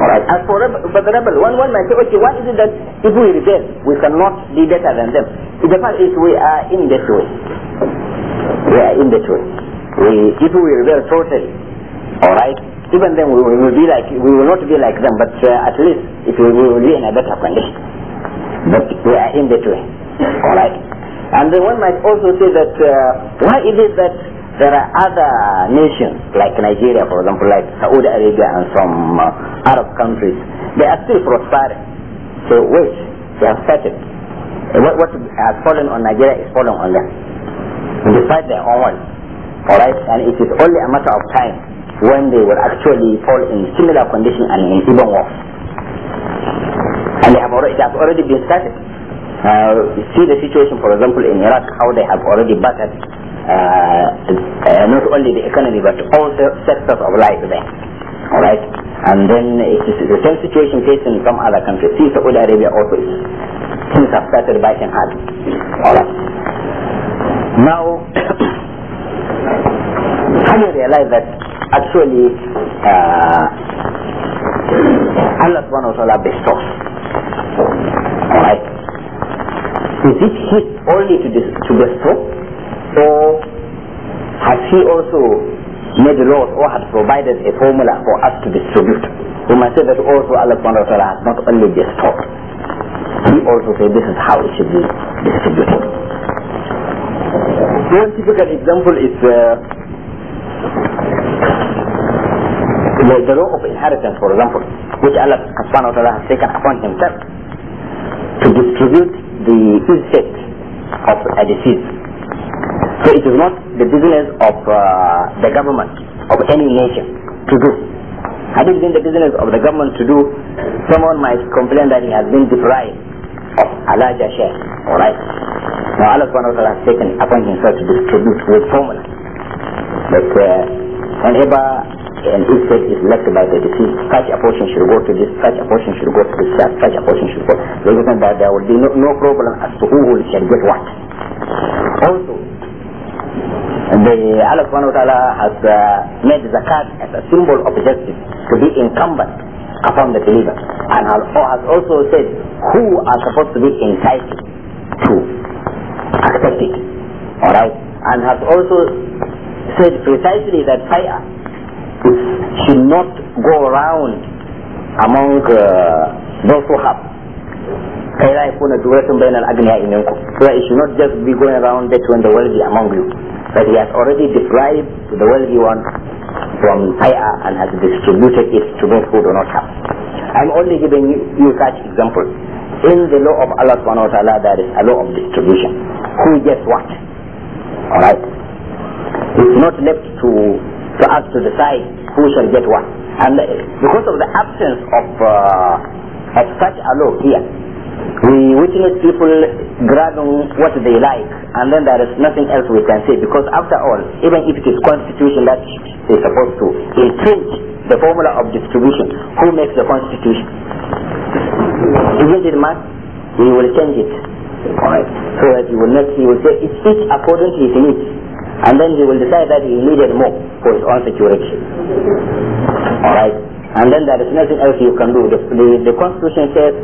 Alright, as for but the rebel, one, one might say, okay, why is it that if we rebel, we cannot be better than them? The fact is we are in the way. We are in the way. We, if we rebel totally, alright, even then we will be like, we will not be like them, but uh, at least if we, we will be in a better condition. But we are in that way. Alright. And then one might also say that, uh, why is it that there are other nations like Nigeria, for example, like Saudi Arabia and some uh, Arab countries. They are still prospering. So wait, they have started. What, what has fallen on Nigeria is fallen on them. They fight their own Alright? And it is only a matter of time when they will actually fall in similar condition and in even worse. And they have already, they have already been started. Uh, see the situation, for example, in Iraq, how they have already battered uh, uh, not only the economy but all sectors of life there. Alright? And then it is the same situation facing some other countries. See Saudi Arabia also is. Things have started biting hard. Alright? Now, can you realize that actually uh, Allah subhanahu wa ta'ala bestows? Alright? Is it his only to, dis- to bestow? Or has he also made laws or has provided a formula for us to distribute? We must say that also Allah subhanahu wa ta'ala has not only just taught, he also said this is how it should be distributed. One typical example is uh, the, the law of inheritance, for example, which Allah subhanahu wa ta'ala has taken upon himself to distribute the estate of a deceased so it is not the business of uh, the government of any nation to do. Had it been the business of the government to do, someone might complain that he has been deprived of a larger share. Alright? Now Allah has taken upon himself to distribute with formula. But uh, whenever an estate is left by the deceased, such a portion should go to this, such a portion should go to this, such, a portion should go. Reason that there will be no, no problem as to who will shall get what. Also, the Allah subhanahu wa ta'ala has uh, made zakat as a symbol of justice to be incumbent upon the believer and has, has also said who are supposed to be entitled to accept it alright and has also said precisely that fire should not go around among uh, those who have kai so it should not just be going around that when the wealthy among you but he has already deprived the wealthy one from fire and has distributed it to those who do not have I'm only giving you such example in the law of Allah subhanahu wa ta'ala there is a law of distribution who gets what alright it's not left to to us to decide who shall get what and uh, because of the absence of uh, of such a law here we witness people grabbing what they like, and then there is nothing else we can say. Because after all, even if it is constitution that is supposed to imprint the formula of distribution, who makes the constitution? Isn't it man? We will change it. Alright. So that he will not he will say it fits according to his needs. And then he will decide that he needed more for his own security. Alright. And then there is nothing else you can do. The, the, the constitution says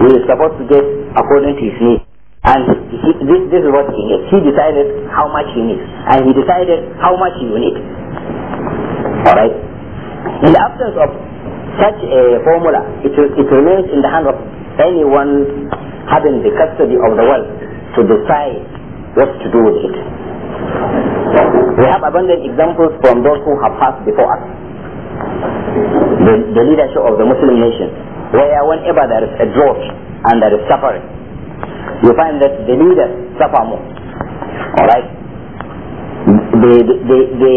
we are supposed to get according to his need. And he, this, this is what he needs. He decided how much he needs. And he decided how much you need. Alright? In the absence of such a formula, it, it remains in the hand of anyone having the custody of the world to decide what to do with it. We have abundant examples from those who have passed before us. The, the leadership of the Muslim nation where whenever there is a drought and there is suffering, you find that the leaders suffer more. Alright? The, the, the,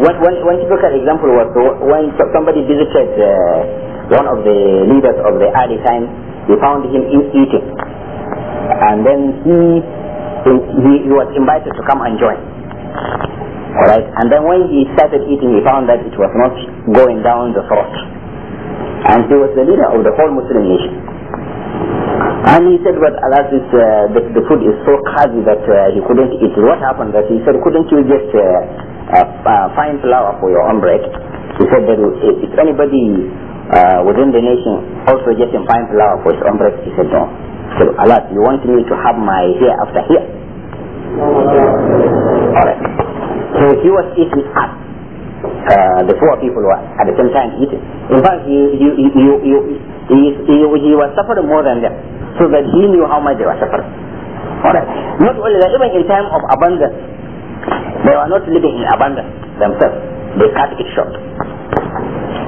one one typical example was when somebody visited uh, one of the leaders of the early time, we found him eating. And then he, he, he was invited to come and join. Alright? And then when he started eating, he found that it was not going down the throat and he was the leader of the whole Muslim nation. And he said, but alas, uh, the, the, food is so crazy that uh, he couldn't eat. What happened that he said, couldn't you just uh, uh, uh find flour for your bread? He said that if anybody uh, within the nation also getting fine flour for his omelette, he said no. He said, alas, you want me to have my hair after here? Alright. So he was eating up uh, the poor people were at the same time eating. In fact, he, he, he, he, he, he, he, he was suffering more than them, so that he knew how much they were suffering. Alright. Not only that, even in time of abundance, they were not living in abundance themselves. They cut it short.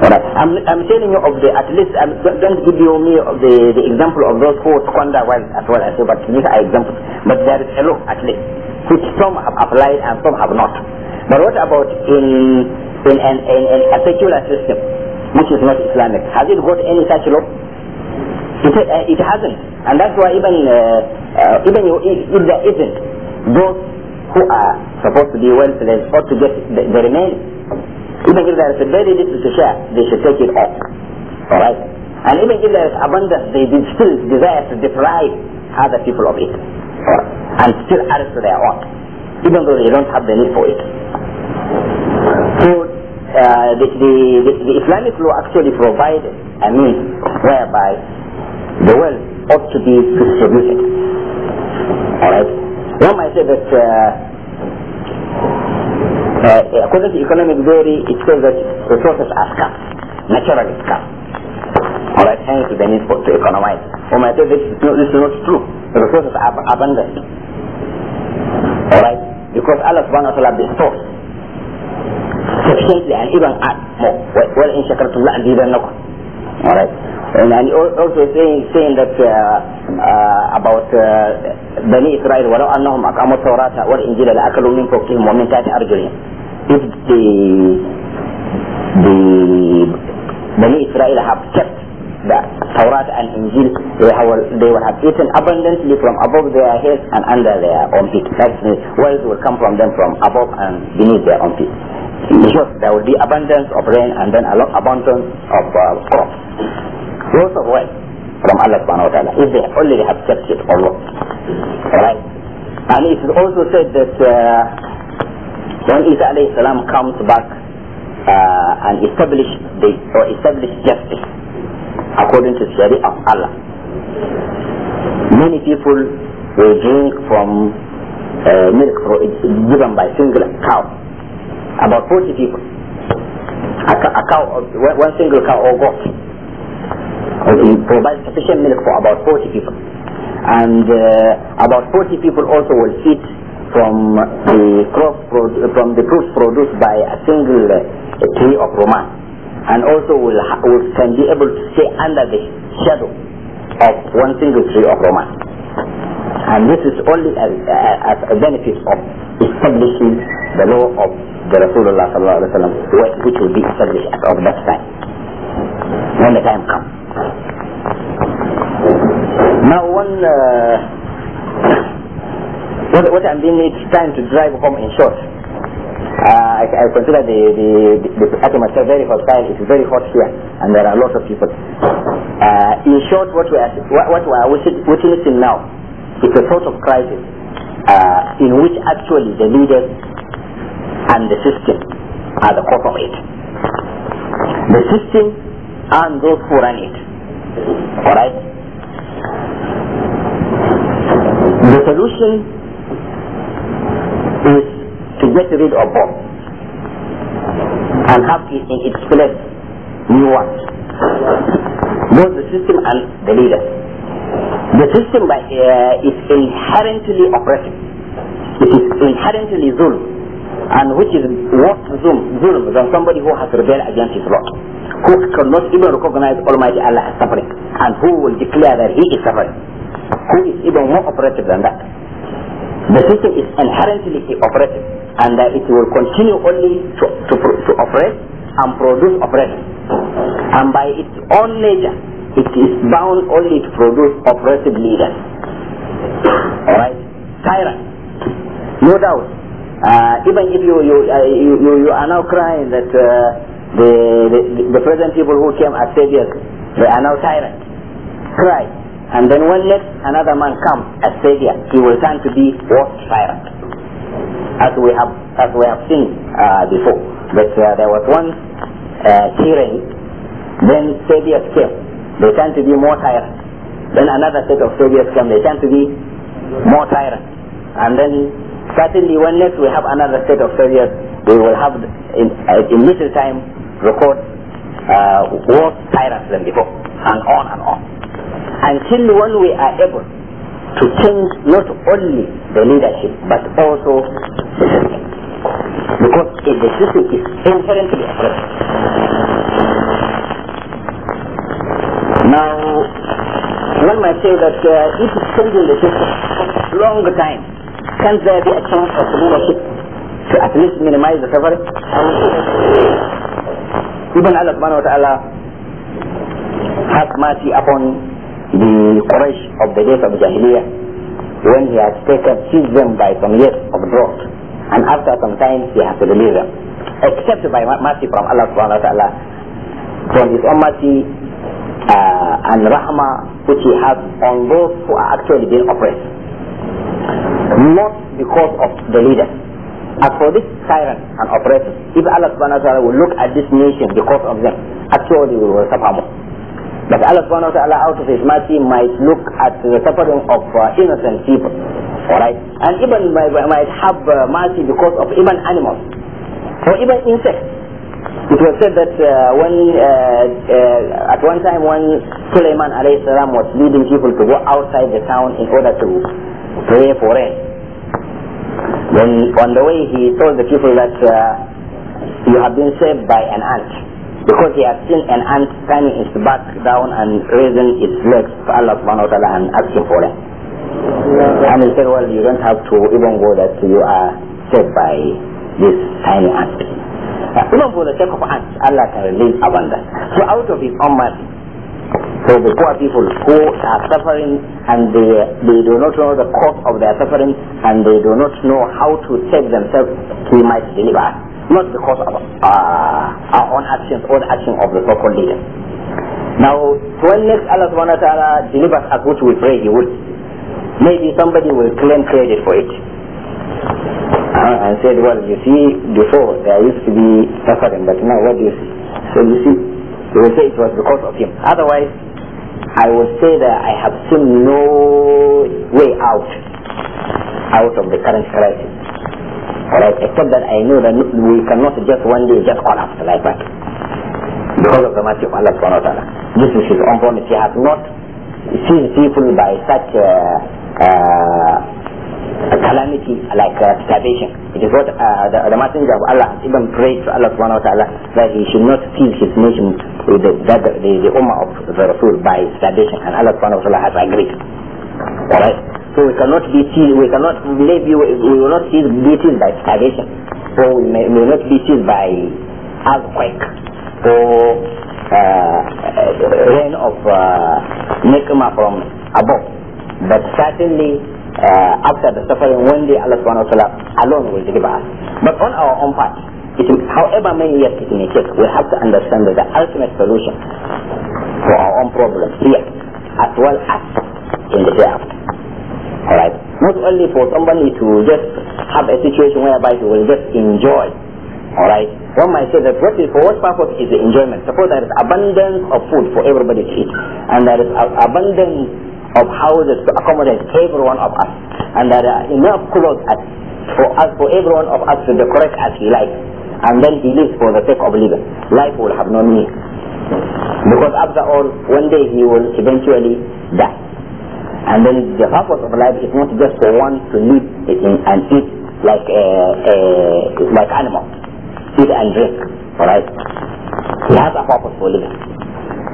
Alright. I'm, I'm telling you of the, at least, I'm going to give you me of the, the example of those who squander ones as well as you, but these are examples. But there is a law, at least, which some have applied and some have not. But what about in in, an, in, in a secular system which is not Islamic? Has it got any such law? It, uh, it hasn't, and that's why even uh, uh, even if there isn't, those who are supposed to be well ought to get the, the remaining. Even if there is very little to share, they should take it all, All right, and even if there is abundance, they still desire to deprive other people of it, and still add to their own even though they don't have the need for it. So uh, the, the, the, Islamic law actually provides a means whereby the wealth ought to be distributed. Alright? One might say that uh, uh, according to economic theory, it says that resources are scarce, naturally scarce. Alright, hence the need for, to economize. One might say this, this is not true. The resources are abundant. Alright? because Allah subhanahu wa ta'ala bestows sufficiently and even add more. Well, in shakartum la azidannakum. All right. And, and also saying, saying that uh, uh, about uh, Bani Israel, walau annahum akamu ولو wal injila la akalu min fukihim wa min tati arjulim If the the Bani Israel have kept the Torah and Injil, they, have, they will have eaten abundantly from above their heads and under their armpit. That's the wealth will come from them from above and beneath their armpit. Because there will be abundance of rain and then a lot abundance of uh, crops. Growth of wealth from Allah subhanahu wa ta'ala if they only have kept it or Alright? And it is also said that uh, when Isa alayhi salam comes back uh, and establish the, or establish justice according to Sharia of Allah. Many people will drink from uh, milk given by single cow, about 40 people. A, a cow, one single cow or goat, provides sufficient milk for about 40 people. And uh, about 40 people also will eat from the crop, from the fruits produced by a single uh, tree of romance and also will, will can be able to stay under the shadow of one single tree of Roman. And this is only as, a benefit of establishing the law of the Rasulullah which will be established at of that time, when the time comes. Now one, uh, what, what I'm doing it's time to drive home in short. Uh, I, I, consider the, the, the, the myself very hostile. It's very hot here, and there are lots of people. Uh, in short, what we are, what, what we are witnessing now is a sort of crisis uh, in which actually the leaders and the system are the cause of it. The system and those who run it. Alright? The solution is to get rid of both and have it in its place new ones. Both the system and the leader. The system by, uh, is inherently oppressive. It is inherently zulm, and which is worse zulm, zulm than somebody who has rebelled against his Lord, who cannot even recognize Almighty Allah as suffering, and who will declare that he is suffering, who is even more oppressive than that. The system is inherently oppressive and that it will continue only to, to, to operate and produce operation. And by its own nature, it is bound only to produce oppressive leaders. Alright? tyrant, No doubt. Uh, even if you, you, uh, you, you, you, are now crying that uh, the, the, the present people who came as saviors, they are now tyrants. Cry. And then when next another man comes as savior, he will turn to be worse tyrant as we have as we have seen uh, before. But uh, there was one uh, hearing, then saviors came. They tend to be more tyrant. Then another set of saviors came. They tend to be more tyrant. And then certainly when next we have another set of saviors, we will have in, in little time record uh, worse tyrants than before, and on and on. Until when we are able to change not only the leadership but also because a decision is inherently oppressive. Now, one might say that uh, if it's holding the system for a long time, can there be a chance of rulership to at least minimize the suffering? Even Allah subhanahu wa ta'ala has mercy upon the Quraysh of the days of Jahiliyyah when he has taken seized them by some years of drought. And after some time, he has to release them. Except by mercy from Allah subhanahu wa ta'ala. From his own mercy uh, and rahmah which he has on those who are actually being oppressed. Not because of the leader. As for this tyrant and oppressor, if Allah subhanahu wa ta'ala will look at this nation because of them, actually we will suffer more. But Allah subhanahu wa ta'ala out of his mercy might look at the suffering of uh, innocent people. Alright? And even might, might have uh, mercy because of even animals or even insects. It was said that uh, when uh, uh at one time when Suleiman salam was leading people to go outside the town in order to pray for rain, then on the way he told the people that uh, you have been saved by an ant because he had seen an ant turning its back down and raising its legs to Allah subhanahu wa ta'ala and asking for it. And he said, well, you don't have to even go that you are saved by this signing act. don't go the sake of act, Allah can release abundance. So out of his own mercy, so the poor people who are suffering and they, they do not know the cause of their suffering and they do not know how to save themselves, he might deliver not because of uh, our own actions or the action of the so-called leader. Now, when next Allah subhanahu wa ta'ala delivers us, which we pray he will, maybe somebody will claim credit for it. Uh, I said, well, you see, before there used to be suffering, but now what do you see? So you see, they will say it was because of him. Otherwise, I would say that I have seen no way out out of the current crisis. Alright, except that I know that we cannot just one day just collapse like that because of the mercy of Allah subhanahu wa ta'ala. This is his own promise. He has not seized people by such uh, uh, calamity like uh, starvation. It is what uh, the, the messenger of Allah even prayed to Allah subhanahu wa ta'ala that he should not feed his nation with the, that, the, the, the ummah of the Rasul by starvation and Allah subhanahu wa ta'ala has agreed. Alright? So we cannot be we cannot leave you. we will not be beaten by starvation. Or we may, we will not be seized by earthquake or uh, rain of uh, from above. But certainly, uh, after the suffering, one day Allah subhanahu wa ta'ala alone will deliver us. But on our own part, it, however many years it may take, we have to understand that the ultimate solution for our own problems here, as well as in the hereafter. Alright? Not only for somebody to just have a situation whereby he will just enjoy. Alright? One might say that what is, for what purpose is the enjoyment? Suppose there is abundance of food for everybody to eat, and there is abundance of houses to accommodate every one of us. And there are enough clothes for us, for every one of us to decorate as he likes. And then he lives for the sake of living. Life will have no meaning. Because after all, one day he will eventually die. And then the purpose of life is not just for one to live and eat like a, a like animal, eat and drink. All right. He has a purpose for living.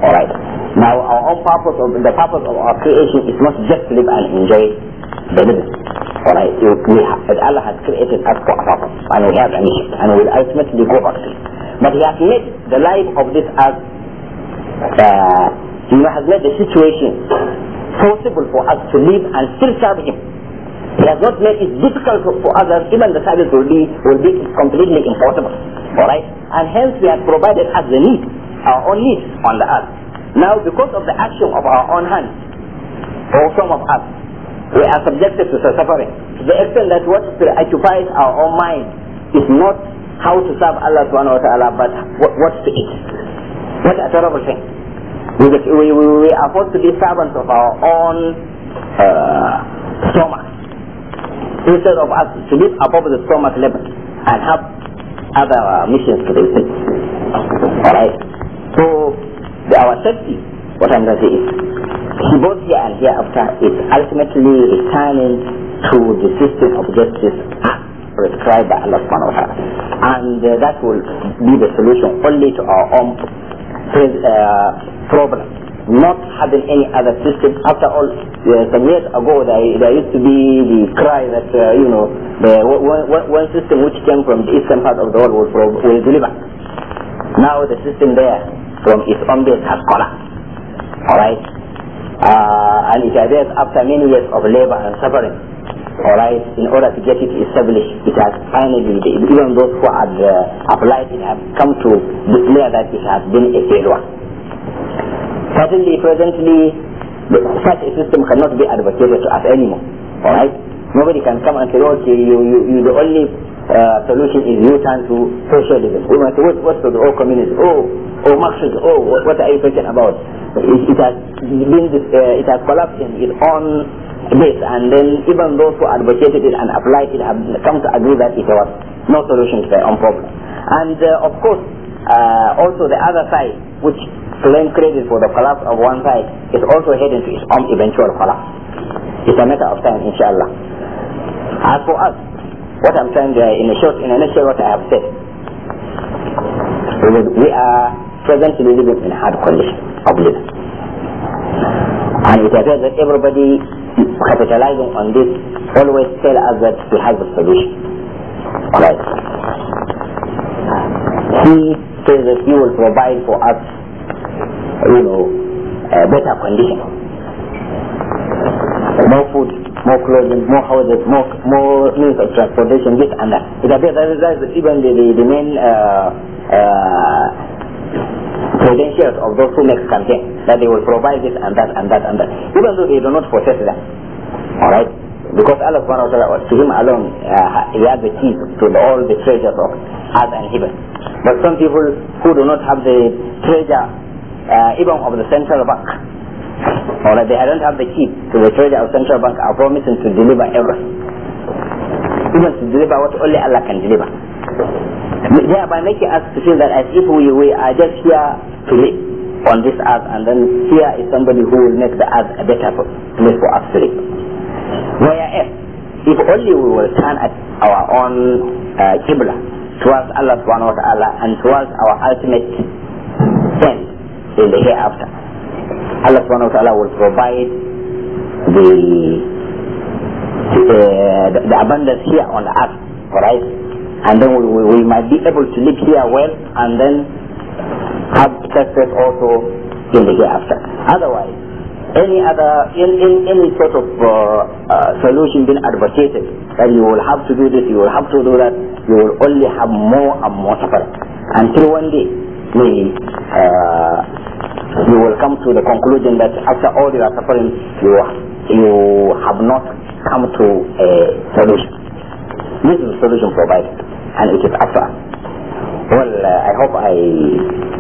All right. Now our purpose of the purpose of our creation is not just live and enjoy the living. Alright, Allah has created us for a purpose and we have a mission and we will ultimately go back to it. But He has made the life of this earth, uh, He has made the situation possible for us to live and still serve Him. He has not made it difficult for others, even the service will be, will be completely impossible. Alright? And hence He has provided us the need, our own needs on the earth. Now because of the action of our own hands, or some of us, we are subjected to suffering. To the extent that what occupies our own mind is not how to serve Allah subhanahu wa ta'ala, but what, to eat. What a terrible thing. We, we, we are forced to be servants of our own uh, stomach instead of us to live above the stomach level and have other uh, missions to do. Alright? our safety. What I'm going to say is, both here and hereafter is ultimately returning to the system of justice ah, prescribed by Allah subhanahu wa ta'ala. And uh, that will be the solution only to our own uh, problem. Not having any other system. After all, uh, some years ago there, there used to be the cry that, uh, you know, the, one, one system which came from the eastern part of the world will, will deliver. Now the system there from its own base has scholar. Alright? Uh, and it has, after many years of labor and suffering. Alright? In order to get it established, it has finally, even those who had uh, applied it have come to declare that it has been a failure. Certainly, presently, such a system cannot be advocated to us anymore. Alright? Nobody can come and say, oh, okay, you, you, you the only uh, solution is you turn to socialism. We must say, what, what's the old communism? Oh, oh, Marxism. Oh, what, what are you talking about? It, it has been, uh, it has collapsed in its own base, and then even those who advocated it and applied it have come to agree that it was no solution to their own problem. And uh, of course, uh, also the other side, which claims credit for the collapse of one side, is also heading to its own eventual collapse. It's a matter of time, inshallah. As uh, for us, what I'm saying uh, in a short, in a nutshell, what I have said, we are presently living in a hard condition of living. And it appears that everybody capitalizing on this always tell us that we have the solution. Right? He says that he will provide for us, you know, a better condition more food, more clothing, more houses, more, more means of transportation, this and that. It appears that even the, the, the main uh, uh, credentials of those who make campaign, that they will provide this and that and that and that, even though they do not possess that. Alright? Because Allah subhanahu wa ta'ala, to him alone, uh, he has the keys to the, all the treasures of earth and heaven. But some people who do not have the treasure, uh, even of the central bank, or that I don't have the key to the treasury of central bank are promising to deliver everything. Even to deliver what only Allah can deliver. Thereby making us to feel that as if we, we are just here to live on this earth and then here is somebody who will make the earth a better place for us to live. Whereas, if only we will turn at our own uh, Qibla towards Allah subhanahu wa ta'ala and towards our ultimate end in the hereafter. Allah subhanahu wa ta'ala will provide the, uh, the, abundance here on earth, alright? And then we, we, we, might be able to live here well and then have success also in the hereafter. Otherwise, any other, in, in any sort of uh, uh, solution being advocated, that you will have to do this, you will have to do that, you will only have more and more suffering. Until one day, me, uh, you will come to the conclusion that after all your suffering, you, you have not come to a solution. This is the solution provided, and it is after. Well, uh, I hope I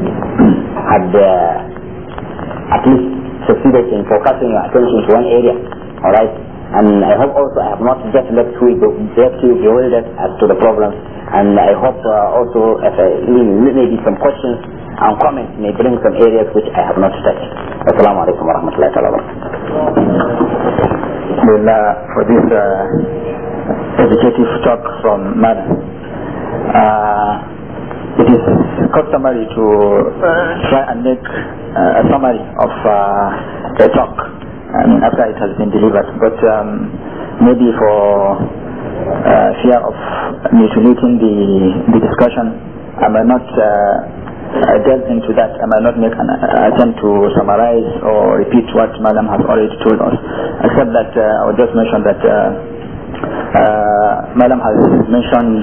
had uh, at least succeeded in focusing your attention to one area, alright? And I hope also I have not just left you, left you bewildered as to the problem. And I hope uh, also if I, maybe some questions and comments may bring some areas which I have not touched. Assalamu alaikum wa rahmatullahi wa for this uh, educative talk from Madam. Uh, it is customary to uh, try and make uh, a summary of uh, the talk. I mean, after it has been delivered. But um, maybe for uh, fear of mutilating the, the discussion, I might not uh, delve into that. I might not make an uh, attempt to summarize or repeat what Madam has already told us, except that uh, I would just mention that uh, uh, Madam has mentioned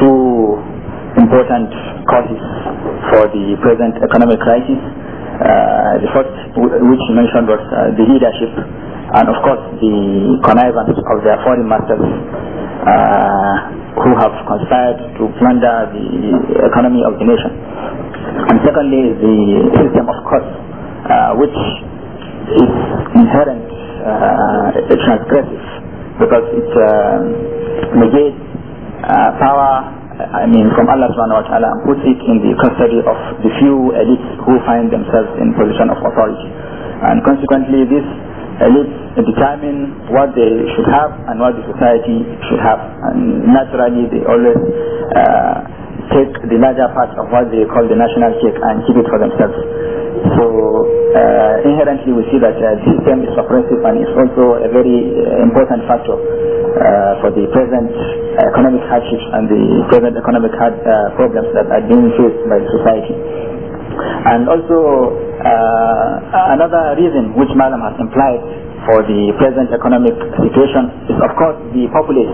two important causes for the present economic crisis. Uh, the first which you mentioned was uh, the leadership and of course the connivance of their foreign masters uh, who have conspired to plunder the economy of the nation. And secondly the system of courts, which is inherent transgressive because it um, negates power I mean, from Allah subhanahu wa ta'ala and puts it in the custody of the few elites who find themselves in position of authority. And consequently, this elites determine what they should have and what the society should have. And naturally, they always uh, take the larger part of what they call the national cake and keep it for themselves. So uh, inherently we see that uh, system is oppressive and is also a very uh, important factor uh, for the present economic hardships and the present economic hard, uh, problems that are being faced by society. And also uh, another reason which Malam has implied for the present economic situation is of course the populace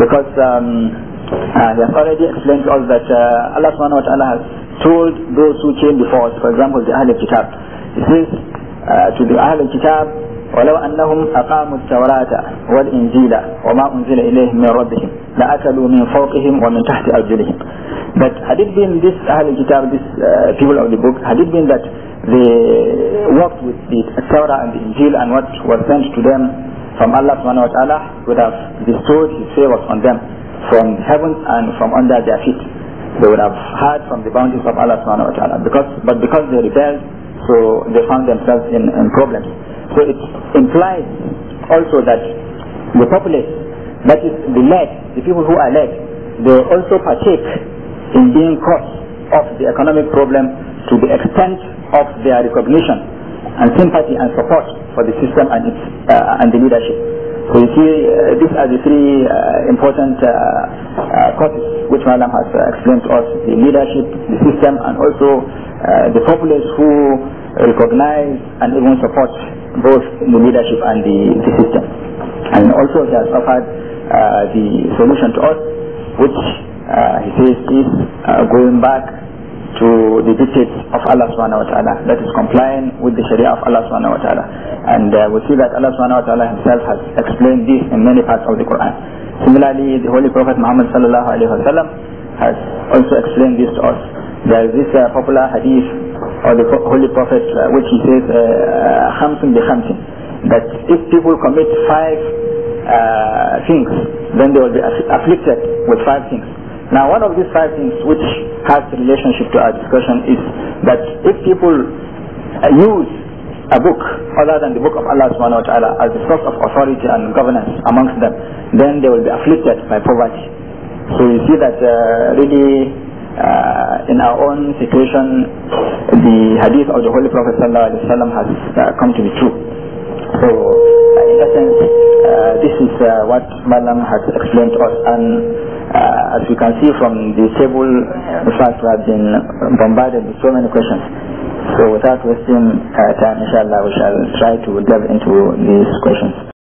because um, and uh, they have already explained to us that uh, Allah subhanahu wa ta'ala has told those who came before us, for example the Ahl al-Kitab. He says uh, to the Ahl al-Kitab, ولو أنهم أقاموا التوراة والإنجيل وما أنزل إليهم من ربهم لأكلوا من فوقهم ومن تحت أرجلهم But had it been this Ahl al-Kitab, this uh, people of the book, had it been that they worked with the Torah and the Injil and what was sent to them from Allah subhanahu wa ta'ala would have bestowed his favors on them from heaven and from under their feet. They would have heard from the bounties of Allah subhanahu wa ta'ala. Because, but because they rebelled, so they found themselves in, in problems. So it implies also that the populace, that is the led, the people who are led, they also partake in being caught of the economic problem to the extent of their recognition and sympathy and support for the system and, its, uh, and the leadership. So you see, uh, these are the three uh, important uh, causes which Malam has explained to us, the leadership, the system, and also the populace who recognize and even support both the leadership and the, the system. And also he has offered the solution to us, which he says is going back to the dictates of Allah subhanahu wa ta'ala. That is complying with the Sharia of Allah subhanahu wa ta'ala. And uh, we see that Allah subhanahu wa ta'ala himself has explained this in many parts of the Quran. Similarly, the Holy Prophet Muhammad sallallahu alayhi wa sallam has also explained this to us. There is this uh, popular hadith of the Holy Prophet uh, which he says, uh, Khamsin bi that if people commit five uh, things, then they will be afflicted with five things. Now one of these five things which has relationship to our discussion is that if people uh, use a book other than the book of Allah subhanahu wa ta'ala as the source of authority and governance amongst them, then they will be afflicted by poverty. So you see that uh, really uh, in our own situation, the hadith of the Holy Prophet sallallahu alaihi wasallam has uh, come to be true. So uh, in a sense, uh, this is uh, what Malam has explained to us and as you can see from the table, the fact we have been bombarded with so many questions. So without wasting time, inshallah, we shall try to delve into these questions.